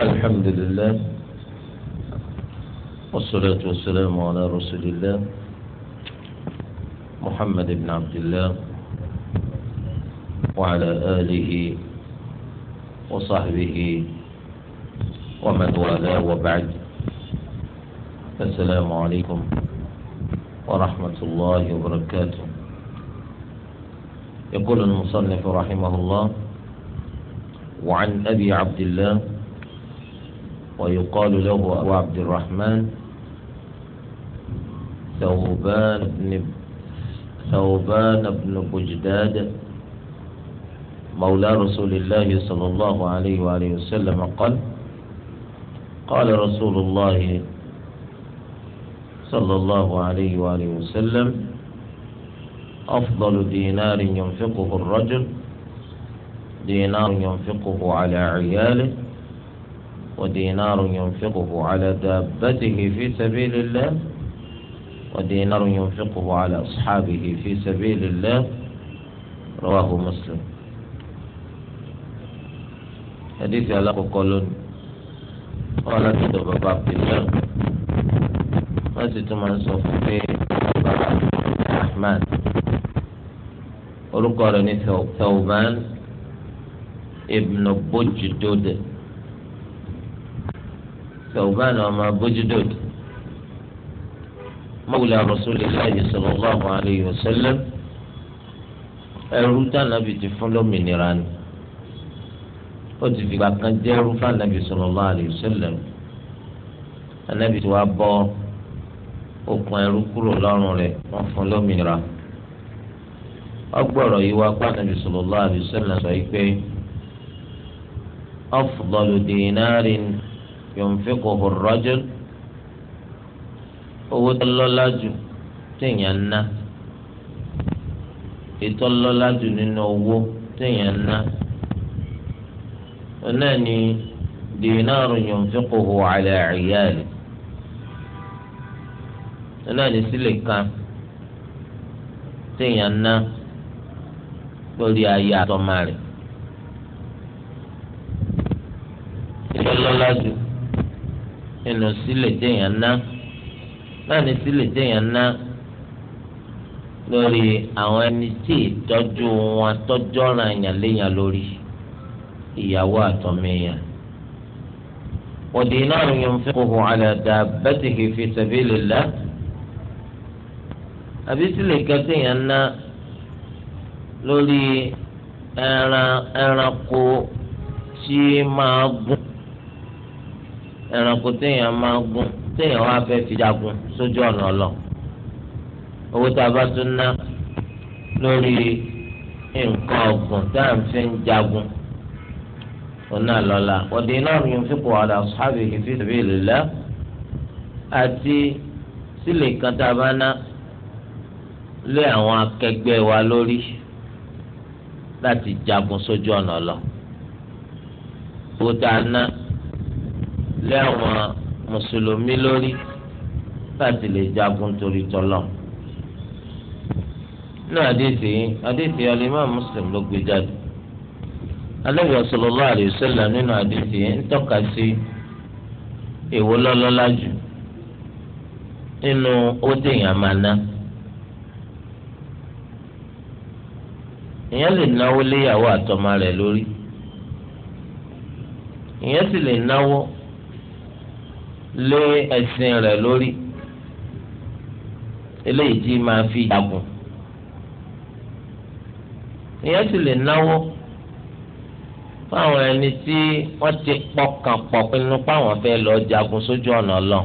الحمد لله والصلاة والسلام على رسول الله محمد بن عبد الله وعلى آله وصحبه ومن والاه وبعد السلام عليكم ورحمة الله وبركاته يقول المصنف رحمه الله وعن أبي عبد الله ويقال له أبو عبد الرحمن ثوبان بن ثوبان بن بجداد مولى رسول الله صلى الله عليه وآله وسلم قال قال رسول الله صلى الله عليه وآله وسلم أفضل دينار ينفقه الرجل دينار ينفقه على عياله ودينار ينفقه على دابته في سبيل الله ودينار ينفقه على أصحابه في سبيل الله رواه مسلم حديث على قول قال كتب باب الله مسجد من صفوفي الرحمن orúkọ ثوبان ابن بجدود ثوبان وما بجدد مولى رسول الله صلى الله عليه وسلم ẹrú tànàbì ti fún lómìnira ni ó ti fìgbà kan jẹ́ ẹrú fànàbì sọlọ alaihi wasallam ànàbì tí wàá bọ́ okùn ẹrú kúrò lọ́rùn rẹ̀ wọ́n fún lómìnira ọgbọ̀rọ̀ yìí wá pa ànàbì sallallahu alaihi wasallam sọ yunfiquhu ar-rajul owó tó lọ́lá jù téèyàn ná ètò lọ́lá jù nínú owó téèyàn ná ọ̀nà ni dìínàrù yunfiquhu ala 'iyali ọ̀nà ni sílẹ̀ kan téèyàn ná lórí ayé àtọ́mọ́ ètò lọ́lá jù nínú sílẹ̀ téèyàn ná náà ní sílẹ̀ téèyàn ná lórí àwọn ẹni tí ìtọ́jú wọn tọ́jọ́ ra èèyàn léèyàn lórí ìyàwó àtọ̀mẹ́yàn. ودينار ينفقه على دابته في سبيل الله àbí sílẹ̀ kan téèyàn ná lórí ẹran ẹranko ẹranko téèyàn máa ń gùn téèyàn wá fẹ́ fi jagun sójú ọ̀nà ọ̀lọ́ owó tá a bá tún ná lórí nǹkan ọ̀gùn tá à ń fi ń jagun ọ̀nà lọ́la ọ̀dẹ̀ iná rìn fipò àdà sábì fi sabilillah àti sílẹ̀ kan tá a bá ná lé àwọn akẹgbẹ́ wa lórí láti jagun sójú ọ̀nà ọ̀lọ́ owó tá a ná. lẹ́wọ̀n mùsùlùmí lórí láti lè jagun torí tọ́lọ̀ nínú àdéhìí àdéhìí alimá Muslim ló gbé jáde alẹ́bí ọ̀sọ̀lọ́lá àdéhùsẹ́là nínú àdéhìí ń tọ́ka sí èwo lọ́lọ́lá jù nínú ó dèèyàn máa ná. èèyàn lè náwó léyàwó àtọmọ rẹ̀ lórí èèyàn sì lè náwó lé ẹ̀sìn rẹ̀ lórí eléyìí tí máa fi jagun ìyẹn sì lè náwó fáwọn ẹni tí wọ́n ti pọkàn pọ̀ pinnu fáwọn fẹ́ lọ jagun sójú ọ̀nà lọ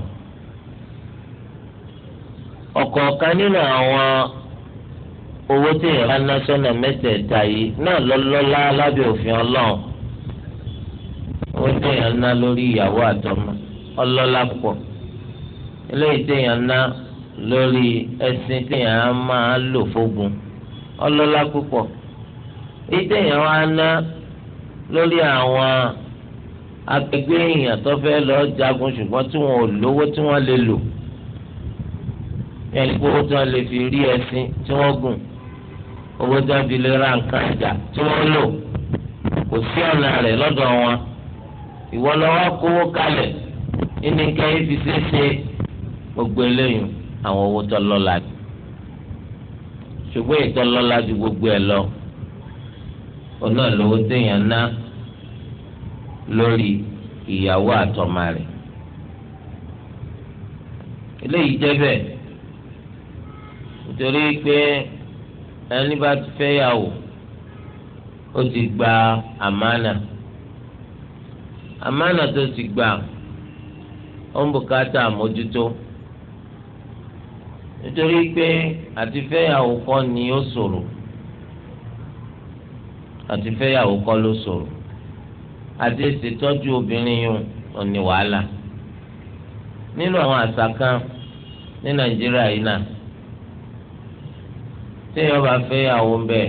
ọ̀kọ̀ọ̀kan nínú àwọn owó tí ìran násọ̀nà mẹ́tẹ̀ẹ̀ta yìí náà lọ́lọ́lá lábẹ́ òfin ọlọ́run ó ní ìran ná lórí ìyàwó àtọmọ. ọlọ́lá pọ̀ eléyìí téèyàn ná lórí ẹsìn téèyàn á máa lò fógun ọlọ́lá púpọ̀ èyí téèyàn wá ná lórí àwọn akẹgbẹ́ èèyàn tó lọ jagun ṣùgbọ́n tí wọn ò lówó tí wọ́n lè lò yẹn kó owó tí wọ́n lè fi rí ẹṣin tí wọ́n gùn owó tí wọ́n fi ra nǹkan ìjà tí wọ́n lò kò sí ọ̀nà wọn ìwọ lọ́wọ́ kówó ìní nǹkan yìí fi ṣeé ṣe gbogbo eléyìí àwọn owó tó lọ́la jù ṣùgbọ́n èyí tó lọ́la jù gbogbo ẹ̀ lọ ọ̀nà lówó téèyàn ná lórí ìyàwó àtọ̀mà rẹ̀ eléyìí jẹ́ bẹ́ẹ̀ nítorí pé ẹni bá ti fẹ́ yàwó ó ti gba àmánà àmánà tó ti gbà ó ń bùkátà àmójútó nítorí pé àti fẹ́yàwó kọ́ ni ó ṣòro àti fẹ́yàwó kọ́ ló ṣòro àti ṣètọ́jú obìnrin yìí ò ní wàhálà nínú àwọn àṣà kan ní nàìjíríà yìí náà téèyàn bá fẹ́yàwó ń bẹ̀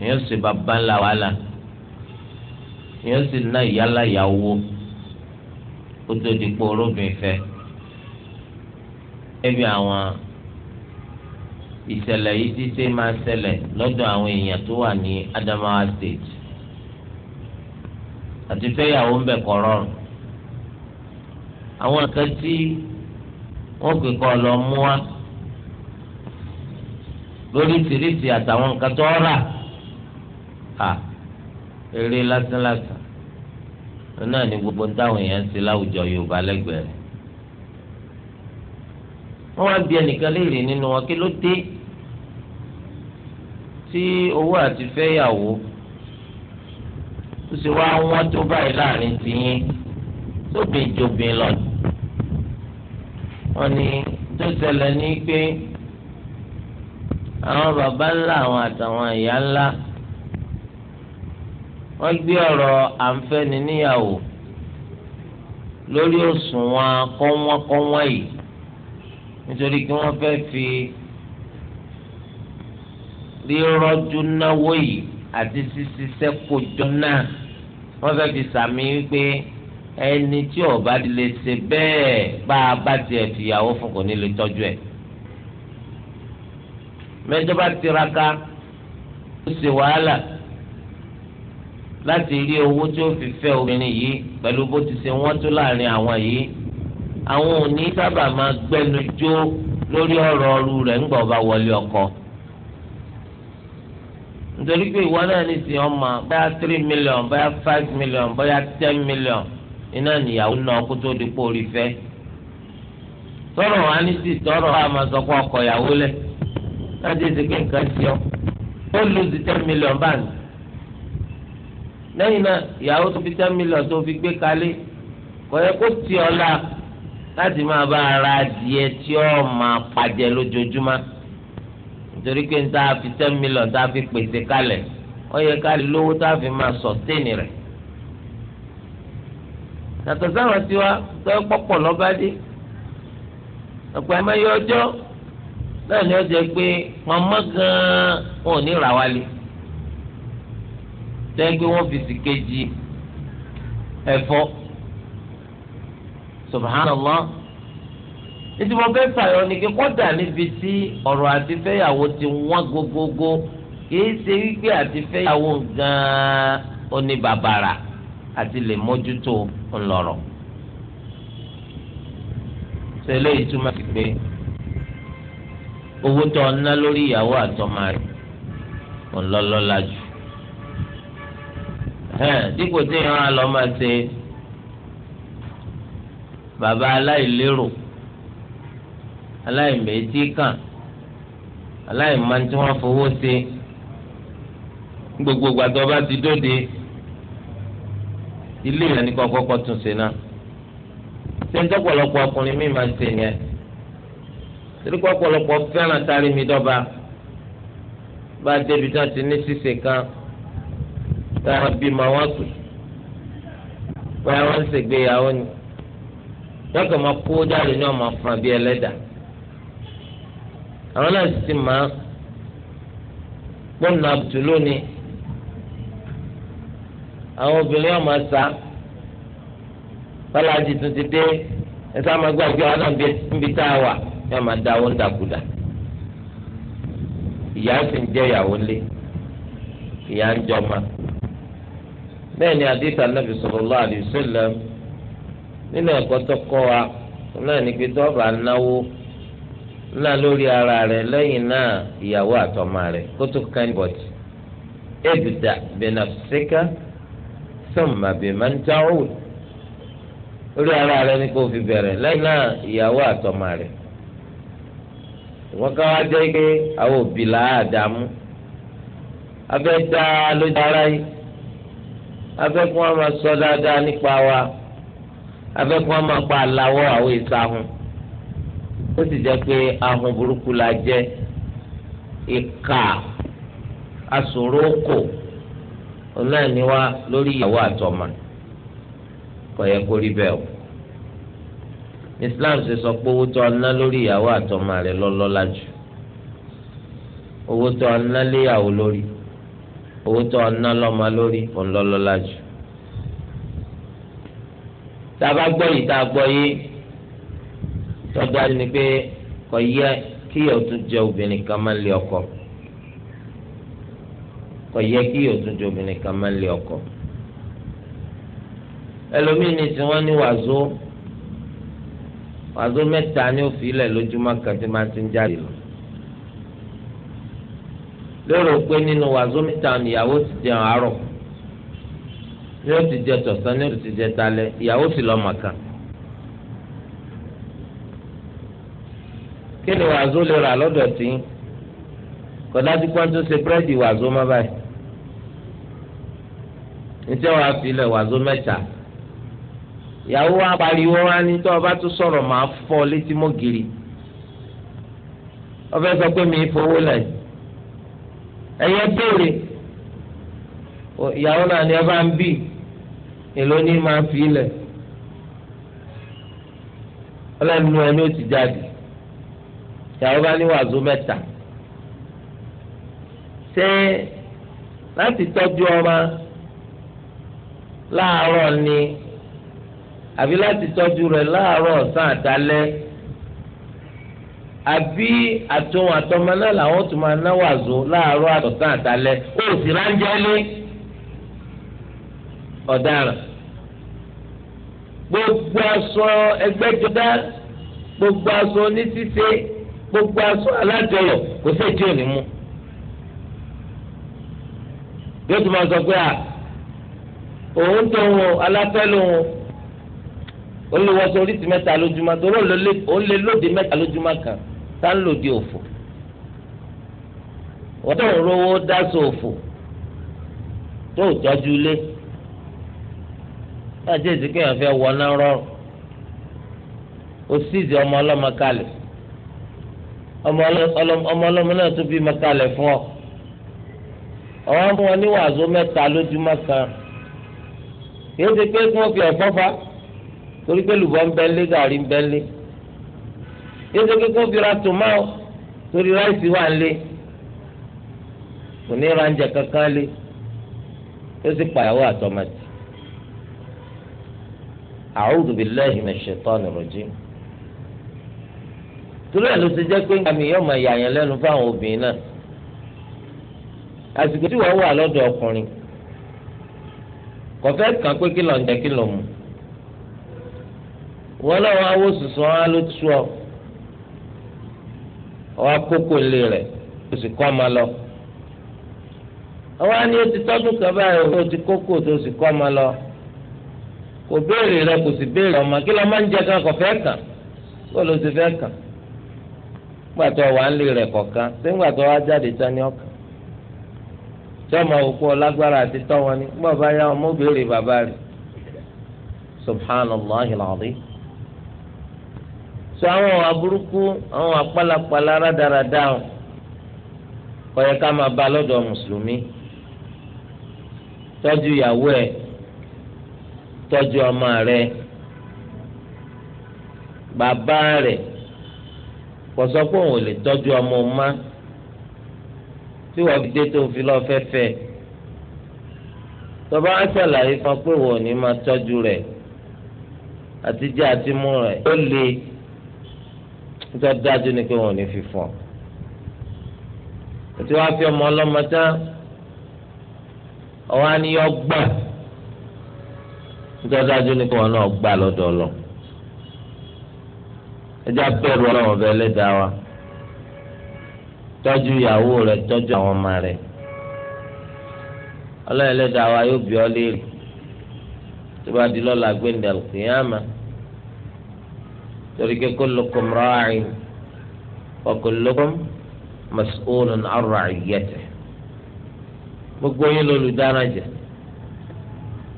èèyàn sì bá bá ńlá wàhálà èèyàn sì ná ìyálà ìyàwó kó tó di pé orúbìn fẹ́ ẹbí àwọn ìṣẹ̀lẹ̀ yìí ti ṣe máa ṣẹlẹ̀ lọ́dọ̀ àwọn èèyàn tó wà ní Adamawa state àti fẹ́yàwó ń bẹ̀ kọ́ rọrùn àwọn kan tí wọ́n pè kọ́ lọ mú wa lórí tìrìtì àtàwọn nǹkan tó rà á eré lásánlásán náà ni gbogbo ń táwọn èèyàn ń ṣe láwùjọ Yorùbá lẹ́gbẹ̀ẹ́ rẹ̀ wọ́n wá bí ẹnìkan léèrè nínú wọn kí ló dé tí owó àti fẹ́yàwó tó ṣe wá wọ́n tó báyìí láàrin tiyín tóbi jobin lọ wọ́n ní tó ṣẹlẹ̀ ní pé àwọn baba ńlá àwọn àtàwọn ìyá ńlá wọ́n gbé ọ̀rọ̀ àǹfẹ́ni níyàwó lórí òṣùwọ̀n kọ́wọ́nkọ́wọ́n yìí nítorí kí wọ́n fẹ́ fi rírọ́jú náwó yìí àti ṣíṣiṣẹ́ kójọ náà wọ́n fẹ́ fi sàmì wípé ẹni tí ó lè ṣe bẹ́ẹ̀ bá a bá tiẹ̀ fìyàwó fún kò ní lè tọ́jú ẹ̀. mẹ́jọ tiraka ó ṣe wàhálà. láti rí owó tí ó fi fẹ́ obìnrin yìí pẹ̀lú bó ti ṣe wọ́n tó láàrin àwọn yìí àwọn òní ní sábà máa gbẹnu jó lórí ọ̀rọ̀ ọrú rẹ̀ ńgbà ọba wọlé ọkọ nítorí pé ìwọ náà ní ti ọmọ bóyá three million bóyá five million bóyá ten million iná nìyàwó náà kó tó di pò rí fẹ́ tọrọ wa ní ti tọrọ wa máa sọ pé ọkọ ìyàwó lẹ láti ṣe kí nǹkan ṣe ọ ó lu ti ten million báyìí. lẹ́yìn náà ìyàwó tó fi ten million tó fi gbé kalẹ̀ kò yẹ kó ti ọ̀la láti máa bá ara adìẹ tí a fi ten million tá fi pèsè kalẹ̀ ó yẹ ká lówó tá a fi máa sọ̀tẹ́ẹ̀nì rẹ̀ yàtọ̀ sáwọn tiwa tó ẹ pọ̀pọ̀ lọ́ba dé ọ̀pọ̀ yọ náà ni tẹ́gbẹ́ wọ́n fi sí kejì ẹ̀fọ́ subhanallah ètò wọn bẹ́ẹ̀ fàyọ ni kí kọ́dà níbi tí ọ̀rọ̀ àti fẹ́yàwó ti wọ́n gógógó kìí ṣe wípé àti fẹ́yàwó gan-an oníbàbàrà àti lè mójútó ńlọrọ̀ ṣẹlẹ̀ ìtumọ̀ sí pé owó tó ń ná lórí ìyàwó àtọmọ rẹ̀ ńlọlọ́lá jù dípò tí ìran àlọ́ máa ṣe bàbá aláìlérò aláìmẹ̀tì kàn aláìmọ̀ tí wọ́n fowó ṣe gbogbo gbàgbọ́ bá ti dóde ilé rẹ̀ ní kọ́kọ́kọ́ tún ṣe náà ṣé ń tọ́pọ̀lọpọ̀ ọkùnrin mi máa ń ṣe yẹn torí pọ́pọ̀lọpọ̀ fẹ́ràn tari mi dọ́ba bá débi tí wọ́n ti ní ṣíṣe kan táwọn bímọ wọn kù báyà wọn ń ṣègbéyàwó ni yọkọ máa kó jáde ní ọmọ afọ bíi ẹlẹ́dà àwọn náà sì máa gbọ́nà àbùtúlù ni àwọn obìnrin ọmọ sá bọ́lájì tún ti dé ẹ̀sán máa gbàgbé náà níbi tá a wà ní ọmọ dáwọ́ ń dàkúdà ìyá sì ń jẹ́ ìyàwó lé ìyá ń jọmọ. bẹ́ẹ̀ ni àdìsá nàbì sallallahu alaihi nínú ẹ̀kọ́ tó kọ́ wa náà ní pé tọ́ọ̀bà náwó ńlá lórí ara rẹ̀ lẹ́yìn náà ìyàwó àtọ́mà rẹ̀ kó tó kàn bọ̀tì ebda binafsika lórí ara rẹ̀ ní kó fi bẹ̀rẹ̀ lẹ́yìn náà ìyàwó àtọ́mà rẹ̀ wọ́n ká wá jẹ́ pé àwọn òbí dààmú abẹ́ dá lójú ara yìí. afẹ́kùn wa máa sọ dáadáa nípa wa afẹ́kùn wa máa pa àláwọ̀ àwọn èso ahùn ó sì jẹ́ pé ahùn burúkú la jẹ́ ìka asòro kò náà ni lórí ìyàwó àtọmọ kò yẹ kó rí bẹ́ẹ̀ o Islam ṣe sọ pé owó tó ọ ná lórí ìyàwó àtọmọ rẹ lọ́lọ́lá jù owó tó ọ léyàwó lórí owó tó ọ̀nà lọ́mọ lórí òǹlọ́lọ́lá jù. tá a bá gbọ́ yìí tá a gbọ́ yìí tọ́jú àti ni pé kò yẹ kí yóò tún jẹ obìnrin kan máa ń lé ọkọ kò yẹ kí yóò tún jẹ obìnrin kan máa ń lé ọkọ. ẹlòmíín ni tí wọ́n ní wàzó wàzó mẹ́ta ni ó fi ilẹ̀ lójúmọ́ kan tí máa ti ń jáde lọ lérò pé nínú wàzómítà ìyàwó ti jẹun àárọ̀ ní o ti jẹ tọ̀sán ní o ti jẹ talẹ̀ ìyàwó sì lọ màkà. kí ni wàzó lè rà lọ́dọ̀ tí kọ̀dá tí pọ́n tó ṣe búrẹ́dì wàzó má báyìí. níjẹ́ wàá filẹ̀ wàzó mẹ́ta ìyàwó wa pariwo wa ní tó o bá tún sọ̀rọ̀ máa fọ́ létí mọ́gìrì. ọfẹ́ sọ pé mi fowó lẹ́yìn ẹ̀yẹ béèrè ìyàwó náà ni ẹ bá ń bì èló ní máa fi ilẹ̀ ọlọ́nu ẹni ó ti jáde ìyàwó bá ní wàzó mẹ́ta ṣé láti tọ́jú ọmọ láàárọ̀ ni àbí láti tọ́jú rẹ̀ láàárọ̀ ọ̀sán àtàlẹ́ àbí àtòun àtọmọ náà làwọn tó máa náwó àzò láàárọ̀ àtọ̀tán àtàlẹ́ ó sì ránjẹ́ lé ọ̀daràn gbogbo aṣọ ẹgbẹ́jọdá gbogbo aṣọ oníṣíṣe gbogbo aṣọ alájọyọ̀ kò sí ètí òní mú yóò tún máa sọ pé à òun tó ń aláfẹ́ lòun olùwọ́sọ oríṣi mẹ́ta lójúmọ́ tó lọ́ọ́ lé lóde mẹ́ta lójúmọ́ kan. tá ń lòdì òfò wọ́n tó ń rówó dáṣọ òfò tó tọ́jú ilé láti èsì kéèyàn fẹ́ wọná rọrùn ó síìsì ọmọ ọlọ́mọ kalẹ̀ ọmọ ọlọ́mọ náà tún bímọ kalẹ̀ fún ọ àwọn fún wọn ní wàásù mẹ́ta lójúmọ́ kan yóò ti pé kí wọ́n fi ẹ̀fọ́ fa torí pé lùbọ́ ń bẹ́ńlé gàrí ń yéésù kíkó bira tó má o torí ráìsì wà ń lé kò ní ra oúnjẹ kankan lé yóò sì pàyàwó àtọmọtì a'udhu billahi minash shaitanir rajim torí ẹ̀ ló ti jẹ́ pé àmì yóò máa yà yẹn lẹ́nu fáwọn obìnrin náà àsìkò tí wọ́n wà lọ́dọ̀ ọkùnrin kọfẹ kan pé kí ló ń jẹ kí ló mú wọn náà wọn awó sùsùn wọn á ló tú ọ ọwọ akókò ńlẹ̀ rẹ̀ kò sì kọ́ ọmọ lọ. ọwọ́ á ní o ti tọ́dún kan báyìí o ti kókò tó sì kọ́ ma lọ. kò béèrè rẹ kò sì béèrè ọmọ kí lọ́ọ́ máa ń jẹ kan kò fẹ́ kàn kó ló ti fẹ́ kàn. gbàtọ̀ wà ń lè rẹ̀ kọ̀ọ̀kan gbàtọ̀ jáde tán ọkàn. tí ọmọ òkú ọlágbára sọ àwọn aburúkú àwọn apalapala rádaràdà ó yẹ ká máa bá lọ́dọ̀ mùsùlùmí tọ́jú ìyàwó ẹ̀ tọ́jú ọmọ rẹ̀ bàbá rẹ̀ kò sọ pé òun ò lè tọ́jú ọmọ ọmọ tí wọ́n fi dé tó fi lọ́ọ́ fẹ́fẹ́ tọ́ba á fún pé wọ́n ò ní máa tọ́jú rẹ̀ àtijọ́ àti mú rẹ̀ ó le nítorí dájú ni pé wọn ò ní fi fún ọ ètò wàá fi ọmọ ọlọ́mọ tán ọwọ́ àníyàn gbà nítorí dájú ni pé wọn náà gbà lọ́dọ̀ ọlọ ẹjẹ abẹ̀rù Ọlọ́run ọbẹ Ẹlẹ́dàá wa tọ́jú ìyàwó rẹ tọ́jú àwọn ọmọ rẹ Ọlọ́run wa yóò bí ọ léèrè tó bá di lọ́la gbẹndẹ àlùkìyàmà torí pé kullukum ra'in wa kullukum mas'ulun 'an ra'iyyatihi gbogbo yín lolùdáná jẹ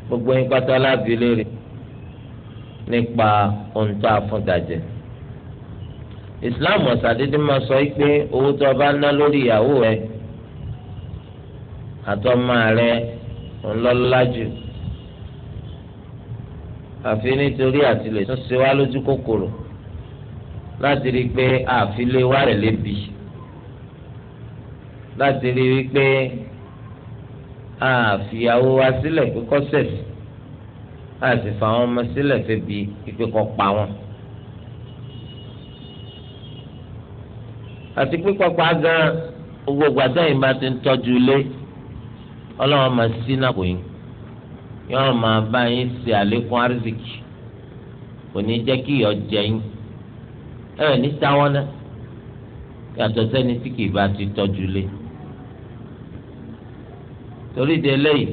gbogbo yín pátá láàbí léèrè nípa ohun tó àfúntàjẹ ìsìláàmù ọ̀sàdédé máa sọ pé owó tó o bá ná lórí ìyàwó rẹ àtọ́mọ rẹ ńlọ́lájú àfi nítorí àtìlẹ́sùn ṣe lójú kòkòrò láti rí i pé àfilé wà rẹ̀ lébi láti rí i pé àfìyàwó wa sílẹ̀ pé kọ́ sẹ̀sì láti fà wọn ọmọ sílẹ̀ fẹ́bi pé kọ́ pa wọn. àti pípọ̀ pa gan gbogbo gbàdá yìí máa ti ń tọ́jú ilé ọlọ́run máa sí náà kò yín yọ́n máa bá yín ṣe àlékún àrísìkì kò ní jẹ́ kí ìyọ́ jẹ yín ẹ ní táwọn náà yàtọ̀ sẹ́ni tí kì í bá ti tọ́jú lé torí de lẹ́yìn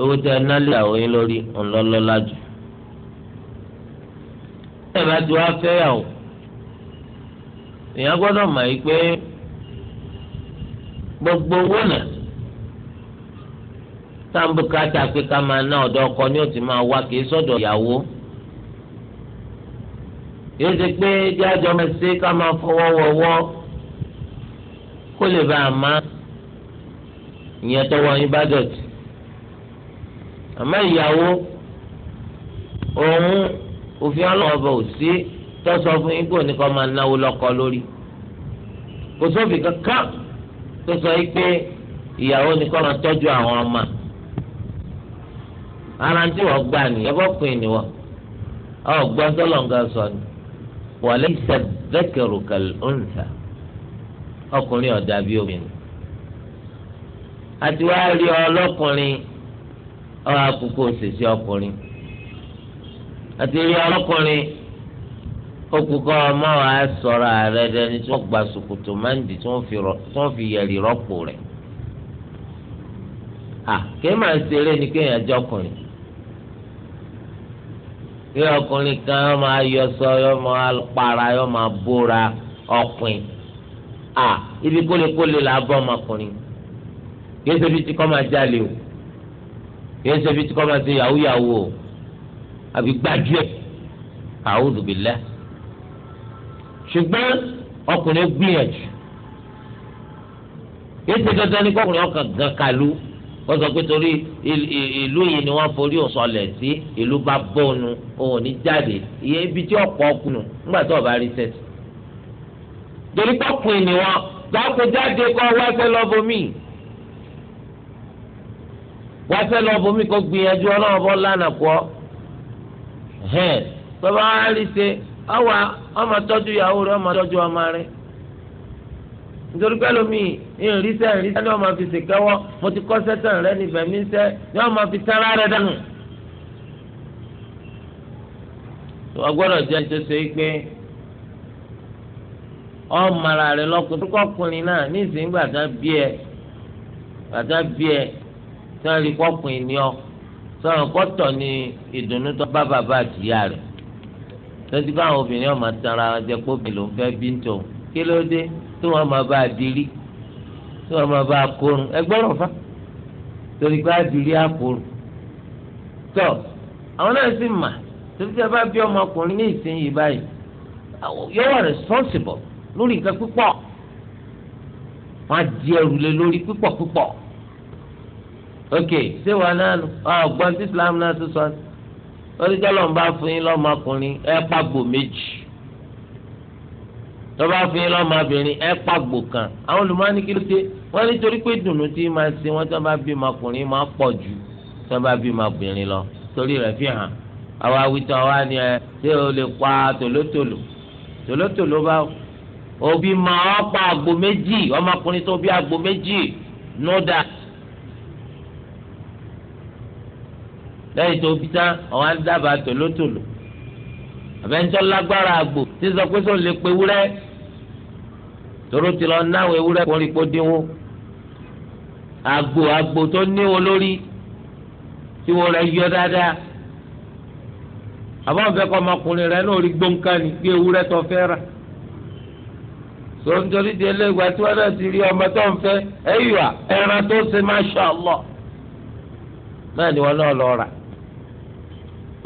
owó tẹ ẹ nálẹ àwọn yín lórí ńlọlọlá jù ẹ bá ti wá fẹ́yàwó èèyàn gbọ́dọ̀ mọ̀ yìí pé gbogbo owó náà táǹbù kájà pé ká máa ná ọ̀dọ̀ ọkọ ni ó ti máa wá kì í sọ́dọ̀ ìyàwó yóò ṣe pé bí àjọ máa ṣe ká máa fọwọ́ wọwọ́ kó lè bá a má ìyẹn tọwọ́ yín bá dọ̀tí àmọ́ ìyàwó òun òfin ọlọ́ọ̀bà ò sí tọ́sọ fún yín kò ní kọ́ máa náwó lọ́kọ lórí kò sófin kankan tó sọ yìí pé ìyàwó ní kọ́ máa tọ́jú àwọn ọmọ ara ń tí wọ́n gbà ní ẹ̀fọ́ pin ni wọ́n tó lọ́ngàn sọ ni walaysa dhakaru kal-untha ọkùnrin ò dàbí obìnrin àti wàá rí ọlọ́kùnrin ọ àkókò òṣèṣì ọkùnrin àti rí ọlọ́kùnrin okùnkọ́ ọmọ wa sọ̀rọ̀ ààrẹ dẹni tí wọ́n gba sòkòtò máńdì tí wọ́n fi yẹ̀rì rọ́pò rẹ̀ à kéèmà ń ṣeré ni kéèyàn jẹ́ ọkùnrin bí ọkùnrin kan yọ máa yọ sọ yọ máa para yọ máa bóra ọ̀pìn à ibi kólékólé là á bọ́ ọmọkùnrin kìí ṣe bí tí kò máa jalè o kìí ṣe bí tí kò máa ṣe yahoo yahoo o àbí gbájúẹ̀ àwùjọ bí lẹ́ ṣùgbọ́n ọkùnrin gbìyànjú kìí ṣe dandan ní kọkùnrin ọkàn gan kalu. wọ́n sọ pé torí ìlú yìí ni wọ́n forí òsọlẹ̀ ìlú bá bọ́ọ̀nù òun ní jáde ìyẹn ibi tí ọ̀pọ̀ ọkùnrin nígbà tó ọba rí sẹ́sì. torí pọ́kùnrin ni wọ́n jáde kọ́ wáṣẹ́ lọ́bọ̀mí wáṣẹ́ gbìyànjú ọlọ́run bọ́ lánàá kọ́ wá ọmọ nítorí pé lómi ìrìnsẹ̀ ìrìnsẹ̀ ni wọ́n máa fi ṣèkẹ́wọ́ mo ti kọ́ sẹ́tàn rẹ níbẹ̀ mí sẹ́ ni wọ́n máa fi tẹ́lá rẹ dànù. wọ́n gbọ́dọ̀ jẹ́ nítorí ṣe pé ọmọọ̀ra rẹ lọ́kùnrin kọ́kùnrin náà ní ìsìn gbàdá bí ẹ gbàdá bí ẹ tí wọ́n rí kọ́kùnrin ní ọ sọ̀rọ̀ kọ́tọ̀ ni ìdùnnú tó bá bàbá àtìyá rẹ̀ lọ́sibáwọn obìnrin ọmọ tara jẹ́ pé obìnrin ló ń fẹ́ bí ń tò kí ló dé tí wọ́n máa bá a dirí tí wọ́n máa bá a korun ẹgbọ́rọ̀ fa torí pé a dirí a korun tọ àwọn náà sì mà torí tí a bá bí ọmọkùnrin ní ìsinyìí báyìí yóò wà responsible lórí nǹkan púpọ̀ wọ́n á di ẹrù lé lórí púpọ̀ púpọ̀ ok ṣé wàá náà ọgbọ́n tí Islam náà tún sọ ọ́ ní jọ́lọ́mbà fún yín lọ́mọkùnrin ẹ̀ pàgbò méjì tọ́ba fi yín lọ́mọbìnrin ẹ pàgbò kan àwọn olùmọ́ni kí ló dé wọ́n nítorí pé dùnú tí máa ṣe wọ́n tọ́ba bí ọmọkùnrin máa pọ̀ jù tọ́ba bí ọmọbìnrin lọ torí rẹ̀ fi hàn àwa wíta wa ni ẹ ṣé o lè pa tòlótòló tòlótòló bá òbí máa pa àgbò méjì ọmọkùnrin tó bí àgbò méjì no doubt. lẹ́yìn tó fi tán àwọn adábàá tòlótòló àbẹ̀ńtọ́ lágbára àgbò tí sọ pé sọ lè pe wúrẹ́ toro ti lọ náwó ewúrẹ́ kó rí kó dínwó agbo agbo tó níwó lórí tí wọ́n rẹ̀ yọ dáadáa àbáwọn fẹ́ kọ́ ọmọkùnrin rẹ̀ náà rí gbóǹkà ní bí ewúrẹ́ tó fẹ́ rà tó ń torí di ẹlẹ́gbà tí wọ́n náà ti rí ọmọ tó ń fẹ́ ẹ̀yùà ẹran tó ṣe masha Allah náà ni wọ́n náà lọ rà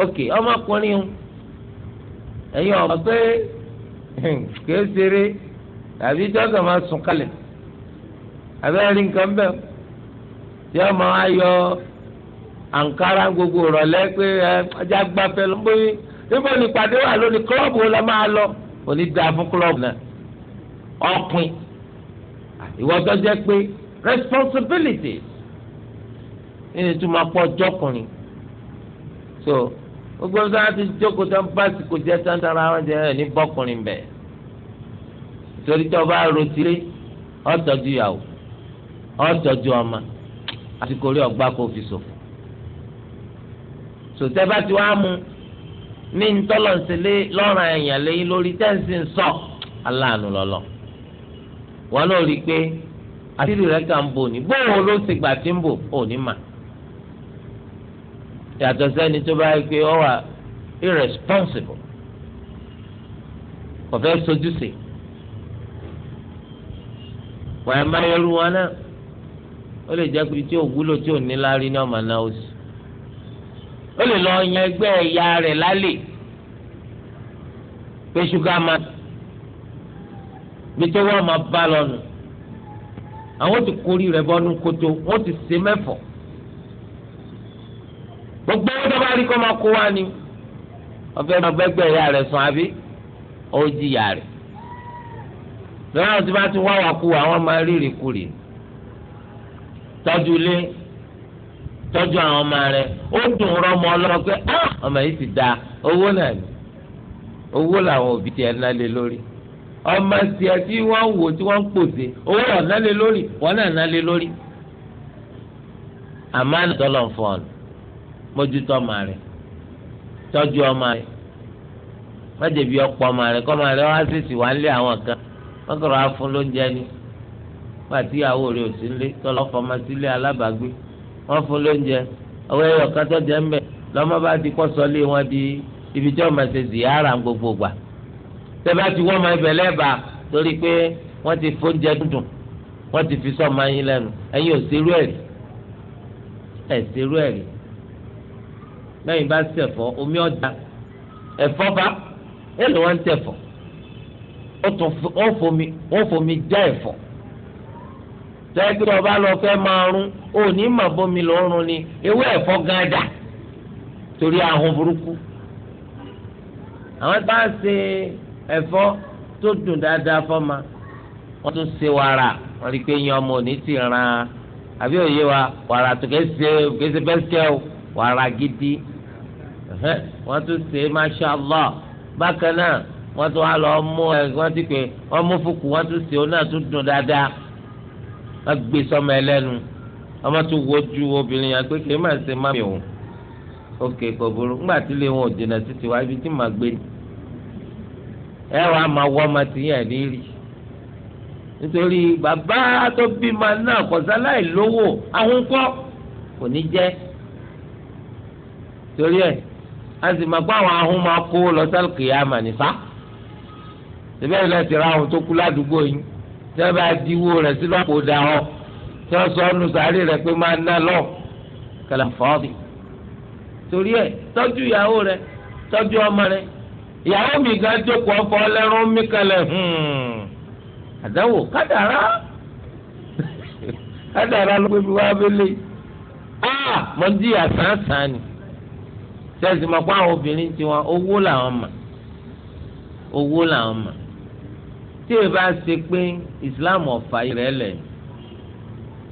ok ọmọkùnrin ẹ̀yin ọ̀gbẹ́ kìí ṣeré àbí tí wọ́n kàn máa sùn kalẹ̀ abẹ́rẹ́ nǹkan bẹ́ẹ̀ yọ máa ayọ àǹkárá gbogbo rọ̀lẹ́ pé ọjà gbafẹ́ ló ń bóyí níbo ni ìpàdé wà lónìí kílọ̀bù la máa lọ òní da fún kílọ̀bù náà ọ̀pin ìwọ́jọ́ jẹ́ pé responsibility nínú ìtumọ̀ pọ̀ jọkùnrin so gbogbo sáà ti jókòó tán bá sìkò jẹ́ tán tara wọn jẹ́ ẹ̀ ní bọ́kùnrin bẹ́ẹ̀ torí tí ọba rotilé ọtọjú ìyàwó ọtọjú ọmọ àsìkò rí ọgbà kò fi ṣòfò sòtẹ́ bá ti wá mu ní ntọ́lọ̀nsẹ̀lẹ̀ lọ́ràn ẹ̀yàn lẹ́yìn lórí tẹ́ǹsì ń sọ aláàánú lọ́lọ́ wọn náà rí i pé àtìrì rẹ kà ń bò ní bóun ló ti gbà tí ń bò ò ní mà yàtọ̀ sẹ́ni tó bá yẹ pé ọ wà irresponsible kò fẹ́ sojúṣe. So wọ́n ẹ̀ máa yẹrù wọn náà ó lè jẹ́ pé tí ò wúlò tí ò ní lárí ní ọmọ náà ó sì ó lè lọ yan ẹgbẹ́ ẹ̀yà rẹ̀ lálẹ́ pé ṣúgà máa bí tó wọ́n máa bá lọ́nu àwọn ti kórì rẹ̀ bọ́nú kótó wọ́n ti ṣe mẹ́fọ̀ gbogbo owó bá rí kó máa kó wá ni ọ̀fẹ́ máa bẹ́gbẹ́ ẹ̀yà sùn àbí ó jìyà rẹ̀ lọ́wọ́ tí bá ti wá wà kú àwọn máa rírì kúrì tọ́jú lé tọ́jú àwọn ọmọ rẹ̀ ó dùn rọmọ ọlọ́rọ̀ pé ọmọ yìí ti da owó náà ni owó làwọn òbí tiẹ̀ ná lé lórí ọmọ tiẹ̀ tí wọ́n wò tí wọ́n ń pòsè owó náà ná lé lórí wọ́n náà ná lé lórí àmọ́ àná tọ́lọ̀ ń fọ́ ọ̀nà mójútó ọmọ rẹ̀ tọ́jú ọmọ rẹ̀ má ọ̀pọ̀ ọmọ rẹ̀ kọ́ ọmọ rẹ̀ wá sí ìsìwálé àwọn kan wọ́n kọ̀rọ̀ afún lóúnjẹ ni pàtí ìyàwó rẹ̀ ò sí nílé tọ́lọ́ fọmọ sílé alábàágbé wọ́n fún lóúnjẹ ọwọ́ ẹ̀yọ̀ kátó jẹ́ ń bẹ̀ lọ́mọ bá ti kọ́ sọ lé wọn di ibi tí wọ́n máa ṣe zìyàrá gbogbo gbà tẹ́lá ti wọ́n máa ibẹ̀ lẹ́ẹ̀bà torí pé wọ́n ti fóúnjẹ dùn wọ́n ti fi sọ́ọ̀mọ́ yín lẹ́nu ẹ̀yin ò ṣerú ẹ̀rí ẹ̀ ṣerú ẹ̀rí lẹ́yìn bá ṣẹ̀fọ́ omi ọ̀dà ẹ̀fọ́ bá ẹ̀ lọ́wọ́ ń tẹ̀fọ́ ó fomi já ẹ̀fọ́ tẹ́gbẹ́ ọba lọ fẹ́ máa rún òní mà bomi lọ rún ni ewé ẹ̀fọ́ gan dà torí ahun burúkú àwọn bá ń ṣe ẹ̀fọ́ tó dùn dáadáa fọ́mà wọ́n tún ṣe wàrà wọ́n rí i pé yan ọmọ òní ti ràn án àbí òye wa wàrà tó kéṣe kéṣe bẹ́sẹ̀ o wàrà gidi wọ́n tún ṣe masha Allah bákan náà wọ́n tún wá lọ mú ẹ wọ́n ti pè wọ́n mú fúkú wọ́n tún sè ó náà tún dùn dáadáa wọ́n gbé sọmọ ẹlẹ́nu ọmọ tún wo obìnrin yẹn pé kì í máa ṣe má mi o òkè kò burú ńgbà tí ilé wọn ò dènà títí wá ibi tí màá gbé ni ẹ wàá máa wọ́ ọmọ tí yẹn ní rí nítorí bàbá tó bímọ náà kọ̀sáláì lówó àwọn kọ́ kò ní jẹ́ torí ẹ̀ a sì máa gbọ́ àwọn ahun máa kó lọ sálùkì yá mà nífà síbẹ̀ ilẹ̀ ti ra àwọn tó kú ládùúgbò yín tí wọ́n bá diwó rẹ̀ sínú àpò dà ọ́ tí wọ́n sọ ọ́nù sàárì rẹ̀ pé máa ná lọ kẹlẹ̀ fọ́ọ̀dì. torí ẹ tọ́jú ìyàwó rẹ tọ́jú ọmọ rẹ ìyàwó mi gan jókòó ọkọ ọlẹ́rún mi kẹlẹ̀ hmm, àdáwò kádàrá kádàrá ló pé bí wàá bẹ́lẹ̀ ah mọ̀ ní àsán sàn ni sẹ́sì mọ̀ pé àwọn obìnrin tiwọn owó làwọn mọ̀ owó làwọn mọ̀ tí ẹ bá ṣe pé islam ọ̀fà rẹ̀ lẹ̀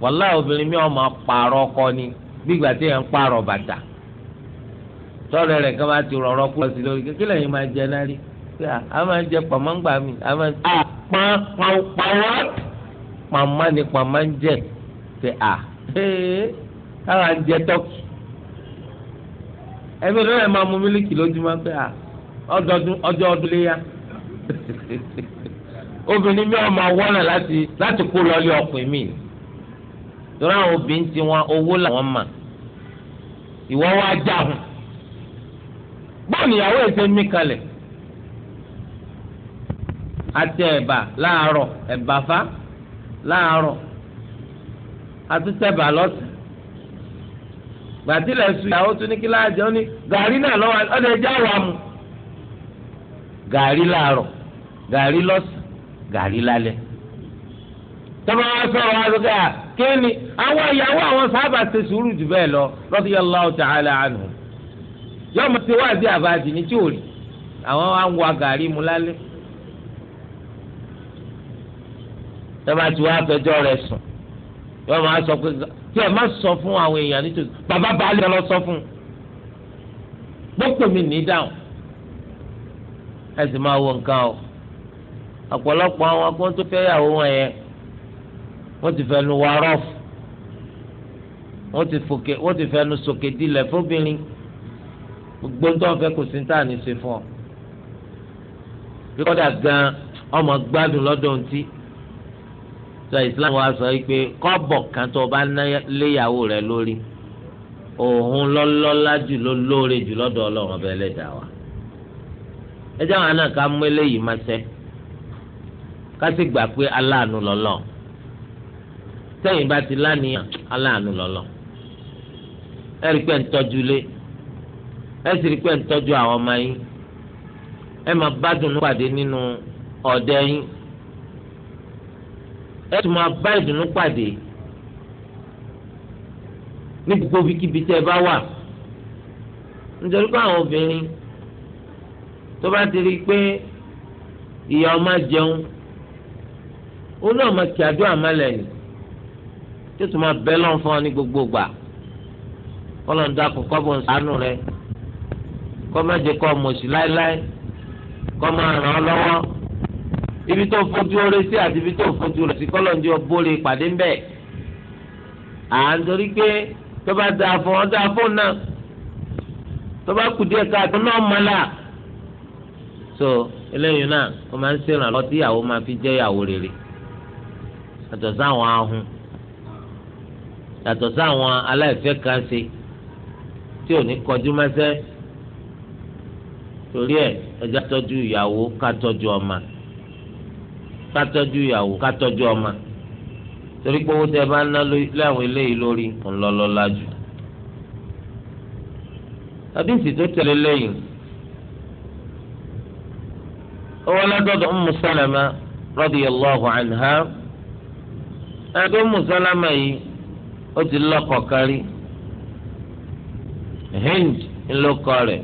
wàlá obìnrin mi ọmọ pààrọ̀ ọkọ ni gbígbà tí ẹ ń pààrọ̀ bàtà tọ́lẹ̀ rẹ̀ kí wọ́n bá ti rọ̀rọ̀ kú ọ̀sìn lórí lẹ́yìn máa jẹ náà rí a máa jẹ pàmọ́ngbà mi a máa jẹ ah, pàmọ́ ni pàmọ́ ń jẹ ṣe à ń jẹ tọ́kì ẹbí máa mílíkì lójúmọ́ pé à ọjọ́ ọdún obìnrin mi ọmọ wọ́nà láti láti kó lọ́lé ọkùnrin mi torí àwọn obìnrin tí wọn owó làwọn mà ìwọ wá jáhùn bọ́ọ̀nù ìyàwó ẹ̀sẹ̀ mi kalẹ̀ àti ẹ̀bà láàárọ̀ ẹ̀bà fa láàárọ̀ àtúntẹ̀bà lọ́sàn gbàtílẹ̀ sùn ìyàwó tún ní kí láàjẹ́ ó ní gàrí náà lọ́wọ́ ọ̀dẹ̀ ẹja wà gàrí láàárọ̀ gàrí lọ́sàn gàrí lálẹ́ tọ́ba wa sọ̀rọ̀ wa sọ̀rọ̀ à kéènì àwọn ìyàwó àwọn sábà ṣe sùúrù jù bẹ́ẹ̀ lọ radiyallahu ta'ala anhu yọmọ ti wá sí àbájì ní tí ò rí àwọn wa ń wa gàrí mu lálẹ́ tọ́ba ti wá fẹjọ́ rẹ̀ sùn yọmọ wa sọ pé tí ẹ má sọ fún àwọn èèyàn nítorí bàbá baálé lọ sọ fún gbọ́pọ̀ mi ní dáhùn ẹ sì máa wo nǹkan o ọ̀pọ̀lọpọ̀ àwọn akọ́n tó fẹ́yàwó wọn yẹn wọ́n ti fẹnu wa rọ́ọ̀fù wọ́n ti fẹnu sòkè dilẹ̀ fóbìnrin gbogbo ń tọ́ fẹ́ kò sí níta ní ṣe fún ọ. kíkọ́dà gan ọmọ gbádùn lọ́dọ̀ ntí sọ Islam wa sọ pé kọ́bọ̀ kan tó bá ná léyàwó rẹ lórí òun lọ́lọ́lá jù ló lóore jù lọ́dọ̀ ọlọ́run ọbẹ̀ ẹlẹ́dàá wa. ẹ jẹ́ àwọn ká mú eléyìí máa ṣẹ́ kásì gbà pé aláàánú lọ́lọ́ sẹ́yìn bá ti lánìyàn aláàánú lọ́lọ́ ẹ rí pé ń tọ́jú lé ẹ sì rí pé ń tọ́jú àwọn ọmọ yín ẹ máa bá dùnú pàdé nínú ọ̀dẹ yín ẹ tún máa bá ìdùnnú pàdé ní gbogbo ibikíbi tẹ́ ẹ bá wà nítorí pé àwọn obìnrin tó bá ti rí i pé ìyá ọmọ jẹun òun náà máa kí adó àmàlẹ̀ ni tó tún máa bẹ́ lọ́n fún ọ ní gbogbo gbà kọ́lọ́n dákun kọ́bọ̀ ń sànù rẹ kọ́ má jẹ́ kọ́ mọ̀ọ́sí láéláé kọ́ máa ràn ọ́ lọ́wọ́ ibi tó fojú oore sí àti ibi tó fojú rẹ̀ sí kọ́lọ́n jẹ́ bóore pàdé ń bẹ̀ à ń torí pé tó bá dáa fún ọ dáa fún náà tó bá kù díẹ̀ káàtó náà mọ́ la so eléyìí náà ó máa ń ṣèrànlọ́ tí ìyàwó máa fi jẹ́ ìyàwó rere. yàtọ̀ sáwọn ahun yàtọ̀ sáwọn aláìfẹ́ kan ṣe tí ò ní kọjú mẹ́sẹ́ torí ẹ̀ ẹja tọ́jú ìyàwó ká tọ́jú ọmọ ká tọ́jú ìyàwó ká ọmọ torí pé owó bá ń ná láwọn eléyìí lórí jù tó lẹ́yìn ẹgbẹ́ mùsálámà yìí ó ti lọ́kọ kárí hind ńlọkọ rẹ̀